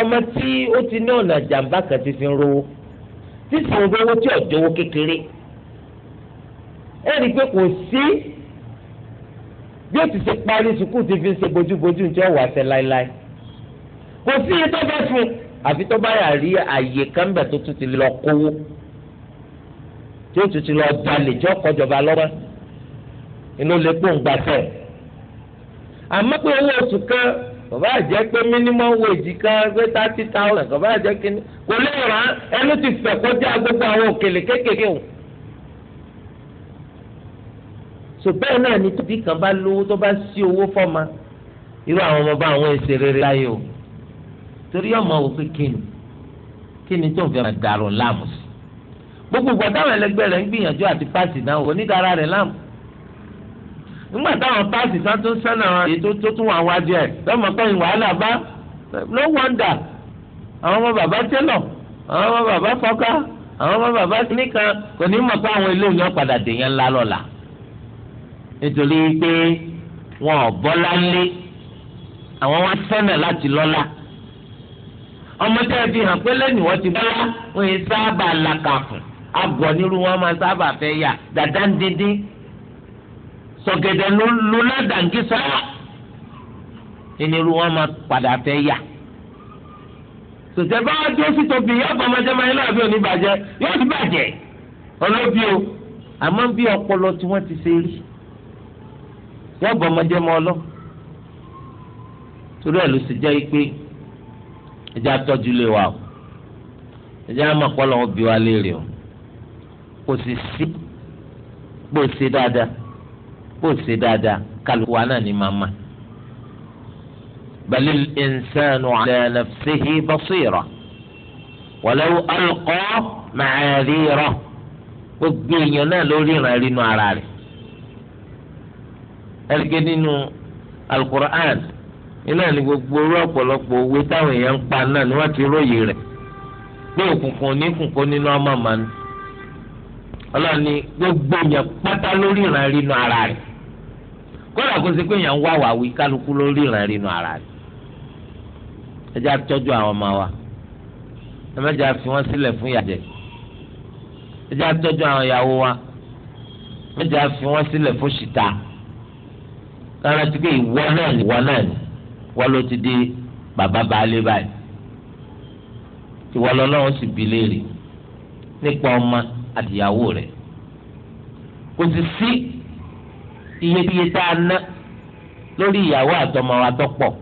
ọmọ tí ó ti ní ọ̀nà jàǹbá kan ti fi ń rówó títí òbí owó tí ọ̀dọ́wó kékeré ẹ rí i pé kò sí bí o ti ṣe parí sukùl ti fi ṣe bójúbójú ní tí ó wà ṣe láéláé kò sí iye tó bá fún àfi tó bá yà rí àyè kánbẹ tó tún ti lọ kówó tí ó tún ti lọ jalè tí ó kọjọba lọ́wọ́ inú lè gbóǹgbà sẹ́ẹ̀ àmọ́ pé owó oṣù kan kò bá jẹ́ pé minimum wage kan pé thirty thousand kò bá jẹ́ kíní kò lè rà á ẹnu ti fẹ̀ kọjá gbogbo àwọn òkèlè kéékèèké o. so bẹ́ẹ̀ náà ni tóbi kan bá lówó tó bá sí owó fọ́ma irú àwọn ọmọ bá àwọn èsè rere láyé o torí ọmọ wò pé kíni kíni tó ń fẹ́ máa dàrú láàmù sí gbogbo ìgbà ẹlẹgbẹ́ rẹ̀ ń gbìyànjú àti pàṣẹ náà onídàára rẹ̀ láàmù nígbà táwọn páàsì sá tó sánà ètò tó tún wà wájú ẹ lọ́mọ kọ́yìn wàhálà bá no wonder àwọn ọmọ bàbá tẹ́lọ̀ àwọn ọmọ bàbá fọ́ká àwọn ọmọ bàbá nìkan kò ní mọ̀ pé àwọn ilé òyìn padà dèèyàn ńlá lọ́la nítorí pé wọn ò bọ́lá lé àwọn wá sánà láti lọ́la ọmọ tẹ́ ẹ fi hàn pé lẹ́nu wọ́n ti bọ́lá wọ́n yẹn sábà làkàkùn àgọ́ nírú wọn máa sábà fẹ́ yà dàdá ń díndín sọ̀gẹ̀dẹ̀ ló ládàǹgí sáà ìnirú wọn máa padà fẹ́ yà sòtẹ́bá dúró sí tóbi yóò bá ọmọdé máa yín náà bí òní bàjẹ́ yóò ti bàjẹ́ ọlọ́bí o àmọ́ bí ọpọlọ tí wọ́n ti ṣe rí yóò bá ọmọdé máa lọ torí ẹ̀ ló sì jẹ́ pé ẹjẹ́ atọ́jú lé wa o ẹjẹ́ àmọ̀pọ̀lọ́ bí wa léèrè o kò sì sí gbòòsè dáadáa kó ṣe dáadáa kálukú wa náà ní máa ma. balil insanu ala nafsihi basira walau alqa ma'adhira gbogbo èèyàn náà ló ríran rínú ara rẹ̀. ẹ̀ríkẹ́ nínú alukur'an iná ní gbogbo orú ọ̀pọ̀lọpọ̀ owó táwọn èèyàn ń pa náà ni wọ́n ti róye rẹ̀ pé òkùnkùn oníkùnkùn nínú ọmọ màánu ọlọ́run gbogbo èèyàn pátá lórí ìran rínú ara rẹ̀ kódà kó ṣe pé èèyàn ń wá wà wí kálukú ló ríran rinu ara rẹ̀ ẹ jẹ́ àtọ́jú àwọn ọmọ wa ẹ má jẹ́ àfi wọ́n sílẹ̀ fún yàjẹ́ ẹ àtọ́jú àwọn ìyàwó wa ẹ àfi wọ́n sílẹ̀ fún ṣìta kára ti pé ìwọ náà ni ìwọ náà ni wọ́n ló ti di bàbá baálé báyìí ìwọ lọ́lọ́run sì bi léèrè nípa ọmọ àtìyàwó rẹ̀ kò sì sí. Si iyebíye tá a ná lórí ìyàwó àtọmọ wa tó pọ̀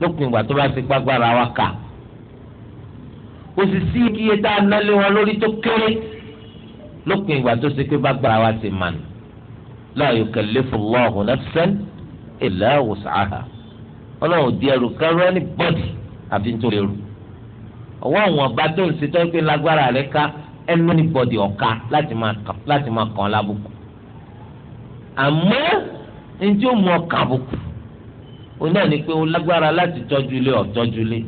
lópin ìgbà tó bá ti gbàgbára wa kà kò sì sí iye tá a ná lé wọn lórí tó kéré lópin ìgbà tó ṣe pé bàgbára wa ti mà nù la yukallifu Allahu nafsan illa wus'aha ọlọ́run ò di ẹrù kẹrù ẹni bọ́dì àfi tó lérò ọwọ́ àwọn ọba tó ń ṣe tó ń lágbára rẹ ká ẹnu ní bọ́dì ọ̀ka láti máa kàn lábùkù. àmọ́ njẹ́ ò mú ọkà àbùkù ó náà ni pé ó lágbára láti tọ́jú ilé ọ̀tọ́jú ilé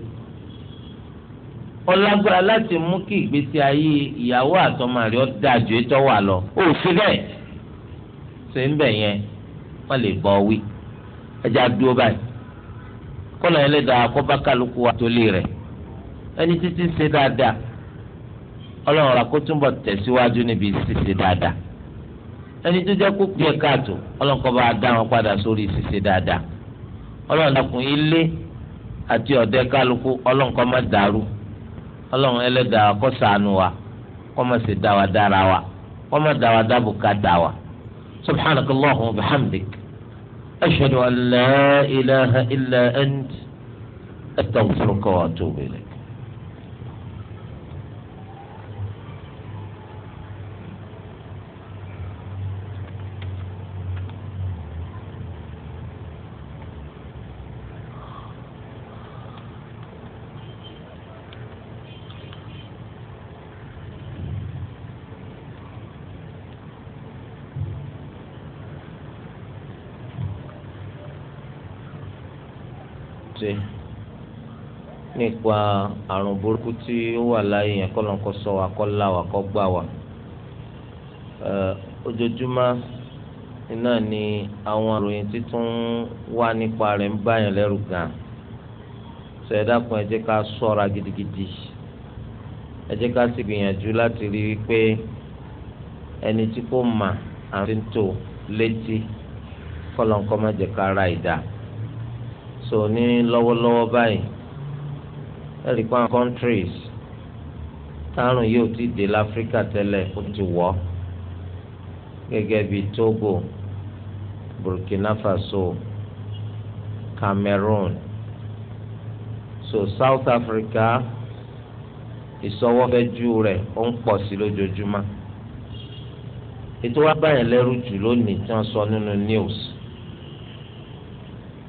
ó lágbára láti mú kí ìgbésí ayé ìyàwó àtọmọ rẹ̀ ó dáa wà lọ ó fi bẹ́ẹ̀ ṣe ń bẹ̀ lè bọ̀ wí ẹjẹ́ àdúró báyìí kọ́nà yẹn lè dà kó bá kálukú wa tó rẹ̀ ẹni títí ṣe dáadáa ọlọ́run ra ẹni tó jẹ́ kó kúrò káàtó ọlọ́nkọ́ bá dá wọn padà sórí ṣíṣe dáadáa ọlọ́nkọ́ ilé àti ọ̀dẹ kálukú ọlọ́nkọ́ má dàrú ọlọ́run ẹlẹ́dàá kó ṣàánú wa kó má ṣe dá wa dára wa kó má dá wa dábò ká dá wa nípa àrùn burúkú tí ó wà láyé yẹn kọ́ lọ́n kọ́ sọ wa kọ́ là wa kọ́ gbà wa ojoojúmọ́ iná ni àwọn àròyìn títún wà nípa rẹ̀ ń bá yẹn lẹ́rù gan sọ ẹ dákun ẹ jẹ́ ká ṣọ́ra gidigidi ẹ jẹ́ ká sì gbìyànjú láti rí i pé ẹni tí kò mà àti tó létí kọ́ kọ́ má jẹ́ ká ra ìdá so ní lọ́wọ́lọ́wọ́ báyìí ẹ̀rí pa countries tárùn yóò ti dé láfíríkà tẹ́lẹ̀ ó ti wọ̀ gẹ́gẹ́ bí Togo Burkina Faso Cameroon so South Africa ìsọwọ́fẹ́jú rẹ̀ ó ń pọ̀ sí lójoojúmọ́ ètò wa báyẹn lẹ́rù jù lónìí tí wọ́n sọ nínú news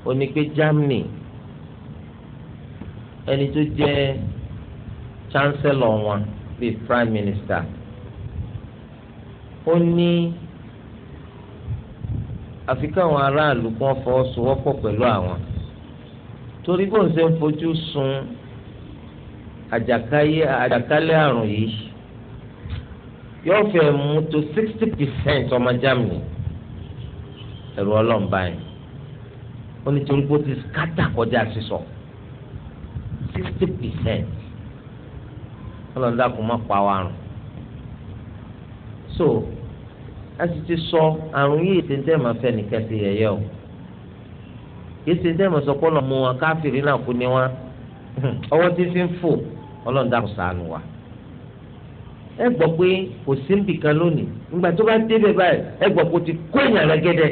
ó ní pé Germany ẹni tó jẹ́ chancellor wọn bíi prime minister ó ní àfi káwọn aráàlú kan fọwọ́sowọ́pọ̀ pẹ̀lú àwọn torí bó ń ṣe ń fojú sun àjàkálẹ̀ àrùn yìí yóò fẹ́ mú tó sixty percent ọmọ Germany ẹ̀rọ ọlọ́mba yẹn ó ní torí bó ti kátà kọjá sísọ. So sixty percent ọlọ́run dákun má pa wa rùn so a sì ti sọ àrùn yìí ti ń tẹ́ máa fẹ́ nìkan ti o yìí ti ń tẹ́ sọ pé ọlọ́run mú wọn káfíìrì náà kú ni wọn ọwọ́ tí fi ń fò wa ẹ gbọ́ pé kò sí níbìkan lónìí tó bá báyìí ẹ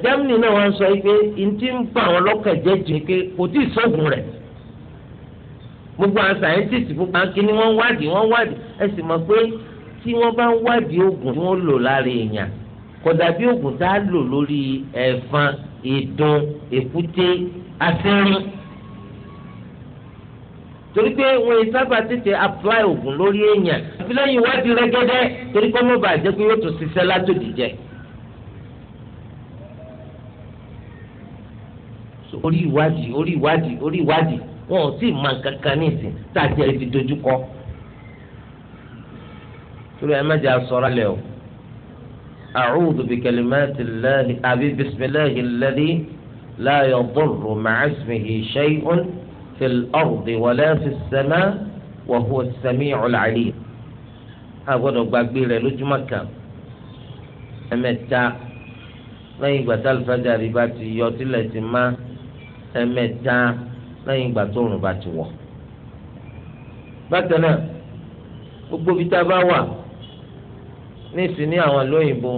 Germany náà wọ́n sọ pé ntí ń fa àwọn ọlọ́kàn jẹ́jẹ́ pé kò tí ì sóògùn rẹ̀ gbogbo àwọn scientist gbogbo àwọn kìíní wọ́n wádìí wọ́n wádìí ẹ sì mọ̀ pé tí wọ́n bá ń wádìí oògùn tí wọ́n lò lára èèyàn kò dàbí oògùn tá a lò lórí ẹ̀fọn ìdun èkúté asínrín torí pé wọn yìí sábà tètè apply oògùn lórí èèyàn àfi lẹ́yìn ìwádìí rẹ́gẹ́dẹ́ torí kọ́ mọ́ bàjẹ́ pé yóò tún ṣiṣẹ́ látòdì jẹ́ orí ìwádìí orí ìwádìí orí ìwádìí wọn ò tí ì máa kankan ní ìsìn tá a jẹ́ ibi dojú kọ. torí ẹ mẹ́jọ sọ̀rọ̀ alẹ́ o a'udhu bi kalimati llahi àbí bismillahi alladhi la yadurru ma'a ismihi shay'un fil ardi wala fis samaa wa huwa a gbọ́dọ̀ gbàgbé rẹ̀ lójúmọ́ kan ẹ̀mẹ́ta lẹ́yìn ìgbà tí alifájà rí bá ti yọ sílẹ̀ ti máa ẹ̀mẹ́ta lẹ́yìn ìgbà tó òrùn bá ti wọ̀. bákan náà gbogbo ibi tá a bá wà níìsín ní àwọn ìlú òyìnbó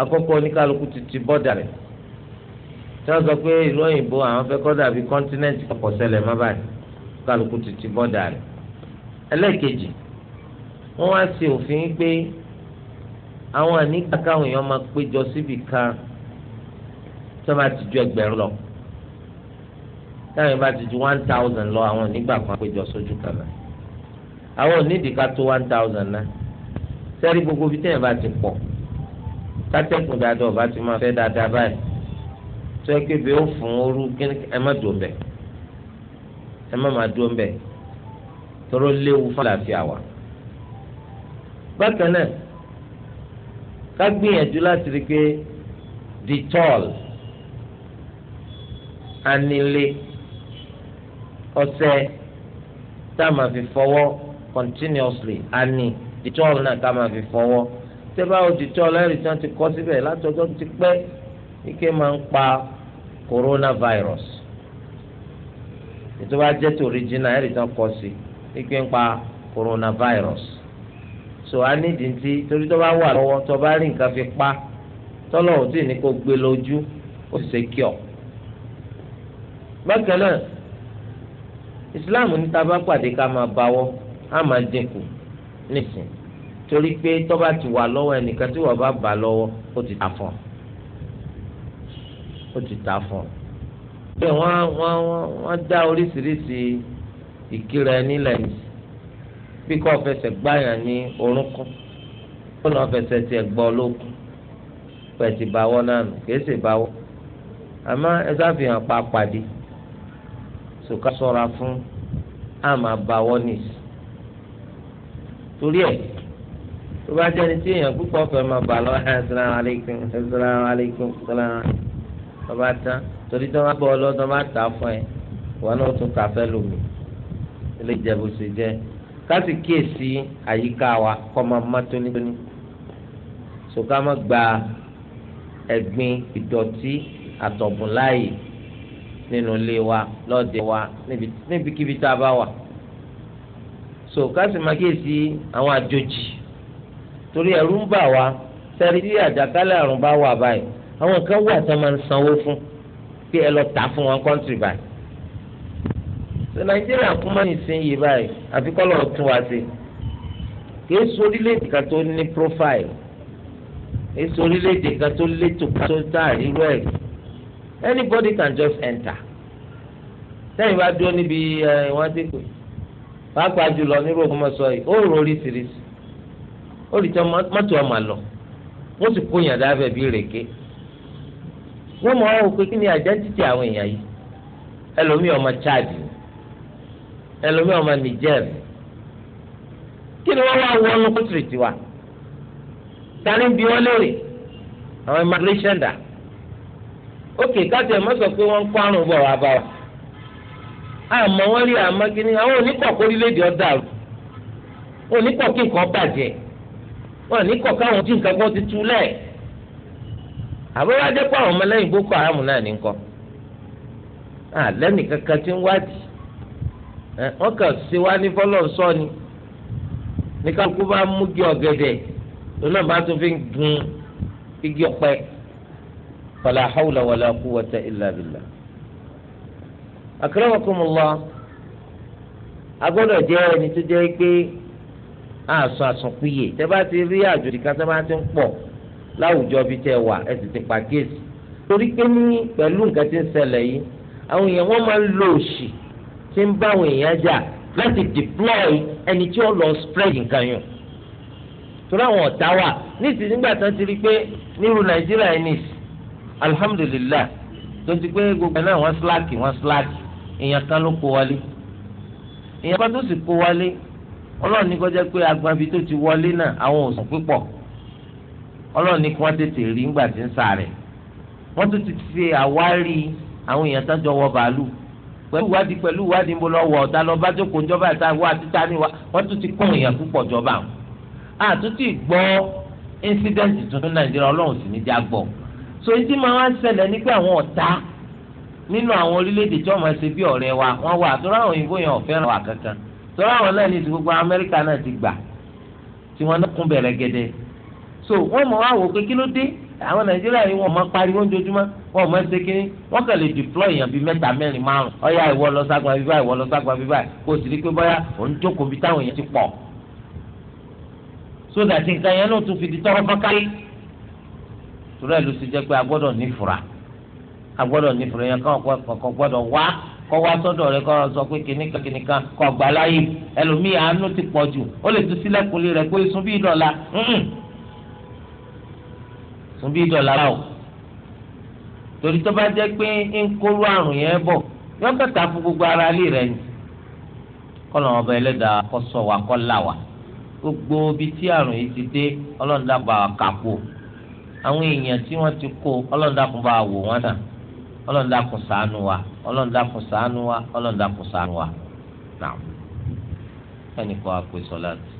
àkọ́kọ́ oníkálukú ti ti bọ́dà rẹ̀ tí wọ́n sọ pé ìlú òyìnbó àwọn fẹ́ kọ́ dàbí kọ́ńtínẹ́ǹtì ọ̀pọ̀ ṣẹlẹ̀ má báyìí kálukú ti ti bọ́dà rẹ̀ ẹlẹ́ẹ̀kejì wọ́n wá sí òfin pé àwọn àníkà káwọn èèyàn máa péjọ síbì tí wọ́n bá ti ju ẹgbẹ̀rún lọ táwọn bá ti ju one thousand lọ àwọn onígbà kan péjọ sójú kan náà àwọn onídìí tó one thousand náà sẹ́rí gbogbo bí téèyàn bá ti pọ̀ kátẹ́kùn dáadáa ọba ti máa fẹ́ dáadáa báyìí tó ẹ pé bí ó fún ooru ẹ má dùn bẹ̀ ẹ má má dùn bẹ̀ tóró léwu fún àlàáfíà wa. bákan náà ká gbìyànjú láti rí i pé the tall anilé. Ọsẹ tá a máa fi fọwọ́ continuously àní dìtọ́ọ̀lù náà tá a máa fi fọwọ́ bá o dìtọ́ọ̀lù tí wọ́n ti kọ́ síbẹ̀ látọjọ́ ti pẹ́ ike máa ń pa coronavirus ètò jẹ́ tó original ẹ̀rì tí wọ́n kọ́ ike ń pa so a ní ìdíntí torí tó wà lọ́wọ́ tó rí fi pa tọ́lọ̀ ò tí ì ní kó gbé lójú ó sì islam ní tábà pàdé ká máa báwọ́ á máa dínkù nísìn torí pé tọ́ba ti wà lọ́wọ́ ẹnìkan tí wọ́n bá bá lọ́wọ́ ó ti ta fún ọ ó ti ta fún ọ. bẹ́ẹ̀ wọ́n wọ́n wọ́n dá oríṣiríṣi ìkírẹ nílẹ̀ yìí bí kò fẹsẹ̀ gbáyàn ní orúnkún kó lọ́ọ́ fẹsẹ̀ tiẹ̀ gbọ́ lókun pẹ̀sì báwọ́ náà nù kèésì báwọ́ àmọ́ ẹ sáfihàn pa pàdé sòkà sọra fún àmà bawọ́ nìsí torí ẹ̀ tó bá jẹ́ni tí èèyàn púpọ̀ fẹ́ máa bà lọ assalamu alaikum assalamu alaikum assalamu alaikum ọba tán torí tí wọ́n bá gbọ́ ọlọ́dún bá tà fún ẹ wọn náà tún kàfẹ́ lómi ilé ìjẹ̀bù sì jẹ́ káàsì kíyèsí àyíká wa kọ́ máa má tónítóní sòkà má gba ẹ̀gbin ìdọ̀tí àtọ̀bùn nínú ilé wa lọ́dẹ wa níbikíbi tá a bá wà. so káàsì máa kíyèsí àwọn àjòjì torí ẹ̀rù ń bà wá sẹ́rí tí àjàkálẹ̀ àrùn bá wà báyìí àwọn kan wà tó máa ń sanwó fún pé ẹ lọ tà fún wọn kọ́ńtì báyìí. so nàìjíríà kún mọ́ nísìnyí báyìí àfi kọ́ lọ́ọ́ tún wá sí kì í sórílẹ̀-èdè kan tó ní profile kì í sórílẹ̀-èdè kan tó létò kan tó dáa rírọ̀ ẹ̀rí anybody can just enter sẹ́yìn bá dúró níbi ìwọ́n ti pè wàá pa jùlọ nírú Ògbómọ̀ṣọ́ yìí ó rò oríṣiríṣi ó lè tẹ mọ́tò ọmọ lọ wọ́n sì kó yàn dáfẹ́ bí rèké wọ́n mọ̀ ọ́ pé kí ni àjẹ́tìtì àwọn èèyàn yìí ẹlòmíì ọmọ Chad ẹlòmíì ọmọ Niger kí ni wọ́n wá wọ́n lókùtìrìtì wa tani bí wọ́n lérè àwọn immigration dà ókè káàtì ẹ̀ má sọ pé wọ́n ń kó àrùn bọ̀ wá bá wa àmọ́ wọ́n rí àmọ́ kínní àwọn oníkọ̀ kórìlédè ọ̀dà wọn oníkọ̀ kí nǹkan bàjẹ́ wọn oníkọ̀ káwọn tí nǹkan kan ti tú lẹ̀ àbúrò ajẹ́ pé àwọn ọmọlẹ́yìn Boko Haram náà ní kọ́ àlẹ́nì kankan ti ń wádìí wọ́n kàn ṣe wá ní fọlọ́nsọ́ ni ní kálukú bá mú gé ọ̀gẹ̀dẹ̀ lónà bá tún fi ń gun igi ọ̀pẹ فلا حول ولا قوة إلا بالله. أكرمكم الله. أقول jẹ́ ẹni tó jẹ́ pé àsun àsunkúyè tẹ́ bá ti rí àjòjì kan tẹ́ bá ti ń pọ̀ láwùjọ bíi tẹ́ wà ẹ sì ti pàkíyèsí torí pé ní pẹ̀lú nǹkan tí ń ṣẹlẹ̀ yìí àwọn èèyàn wọ́n máa ń lo òṣì tí ń bá àwọn èèyàn jà láti deploy ẹni tí ó lọ spread nǹkan yàn torí àwọn ọ̀tá wà nísìsiyìí nígbà tán ti rí pé nírú nàìjíríà yìí nìsí alihamudulilayi tó ti pé gbogbo ẹ̀ náà wọ́n síláàkì wọ́n síláàkì èèyàn kan ló kó wọlé èèyàn bá tó sì kó wọlé ọlọ́run ní kọjá pé agbanbi tó ti wọlé náà àwọn òsùn pípọ̀ ọlọ́run ní kí wọ́n tètè rí ńgbà tí ń sàrẹ̀ wọ́n tún ti ṣe àwárí àwọn èèyàn tó jọ wọ bàálù pẹ̀lú ìwádìí pẹ̀lú ìwádìí ńbọ lọ́wọ́ ọ̀tá lọ bá jókòó ńjọba ìta wá títa níwá wọ́n tún ti kó èèyàn púpọ̀ jọba àwọn àtúntì gbọ́ incident tuntun nàìjíríà ọlọ́run sì ní já gbọ́ so etí máa wá ń ṣẹlẹ̀ ní pé àwọn ọ̀tá nínú àwọn orílẹ̀-èdè tí wọ́n máa ṣe bí ọ̀rẹ́ wa wọ́n wà tó ráwọn òyìnbó yẹn ọ̀fẹ́ràn wà kankan tó ráwọn náà ní ti gbogbo Amẹ́ríkà náà ti gbà tí wọ́n kún bẹ̀rẹ̀ gẹ́dẹ́ so wọ́n mọ̀ wá wò pé kí ló dé àwọn Nàìjíríà yìí wọ́n máa pariwo ojoojúmọ́ wọ́n máa ṣe kínní wọ́n kàn lè deploy yàn bíi mẹ́ta mẹ́rin márùn ọ̀yà ìwọ lọ ságbà bíbá ìwọ lọ ságbà bíbá kó o sì rí pé bóyá òun jókòó bíi táwọn èèyàn ti pọ̀ so that nǹkan yẹn náà tún fi di tọ́rọ́ fọ́nkárí torí ẹ̀ ló ti jẹ́ pé a gbọ́dọ̀ nífura a gbọ́dọ̀ nífura yẹn kọ́ gbọ́dọ̀ wá kọ́ wá sọ́dọ̀ rẹ kọ́ sọ pé kìnnìkan kìnnìkan gbà láyé ẹlòmíì àánú ti pọ jù ó lè tún o torí tó bá jẹ́ pé ń kóró àrùn yẹn bọ̀ yọ́n kẹta fún gbogbo ara lè ni ọba gbogbo bíi tí àrùn yìí ti dé àwọn èèyàn tí wọ́n ti kó ọlọ́ọ̀dàkùn bá wò wọ́n náà ọlọ́ọ̀dàkùn ṣàánú wa ọlọ́ọ̀dàkùn ṣàánú wa ọlọ́ọ̀dàkùn wa. ẹnì kan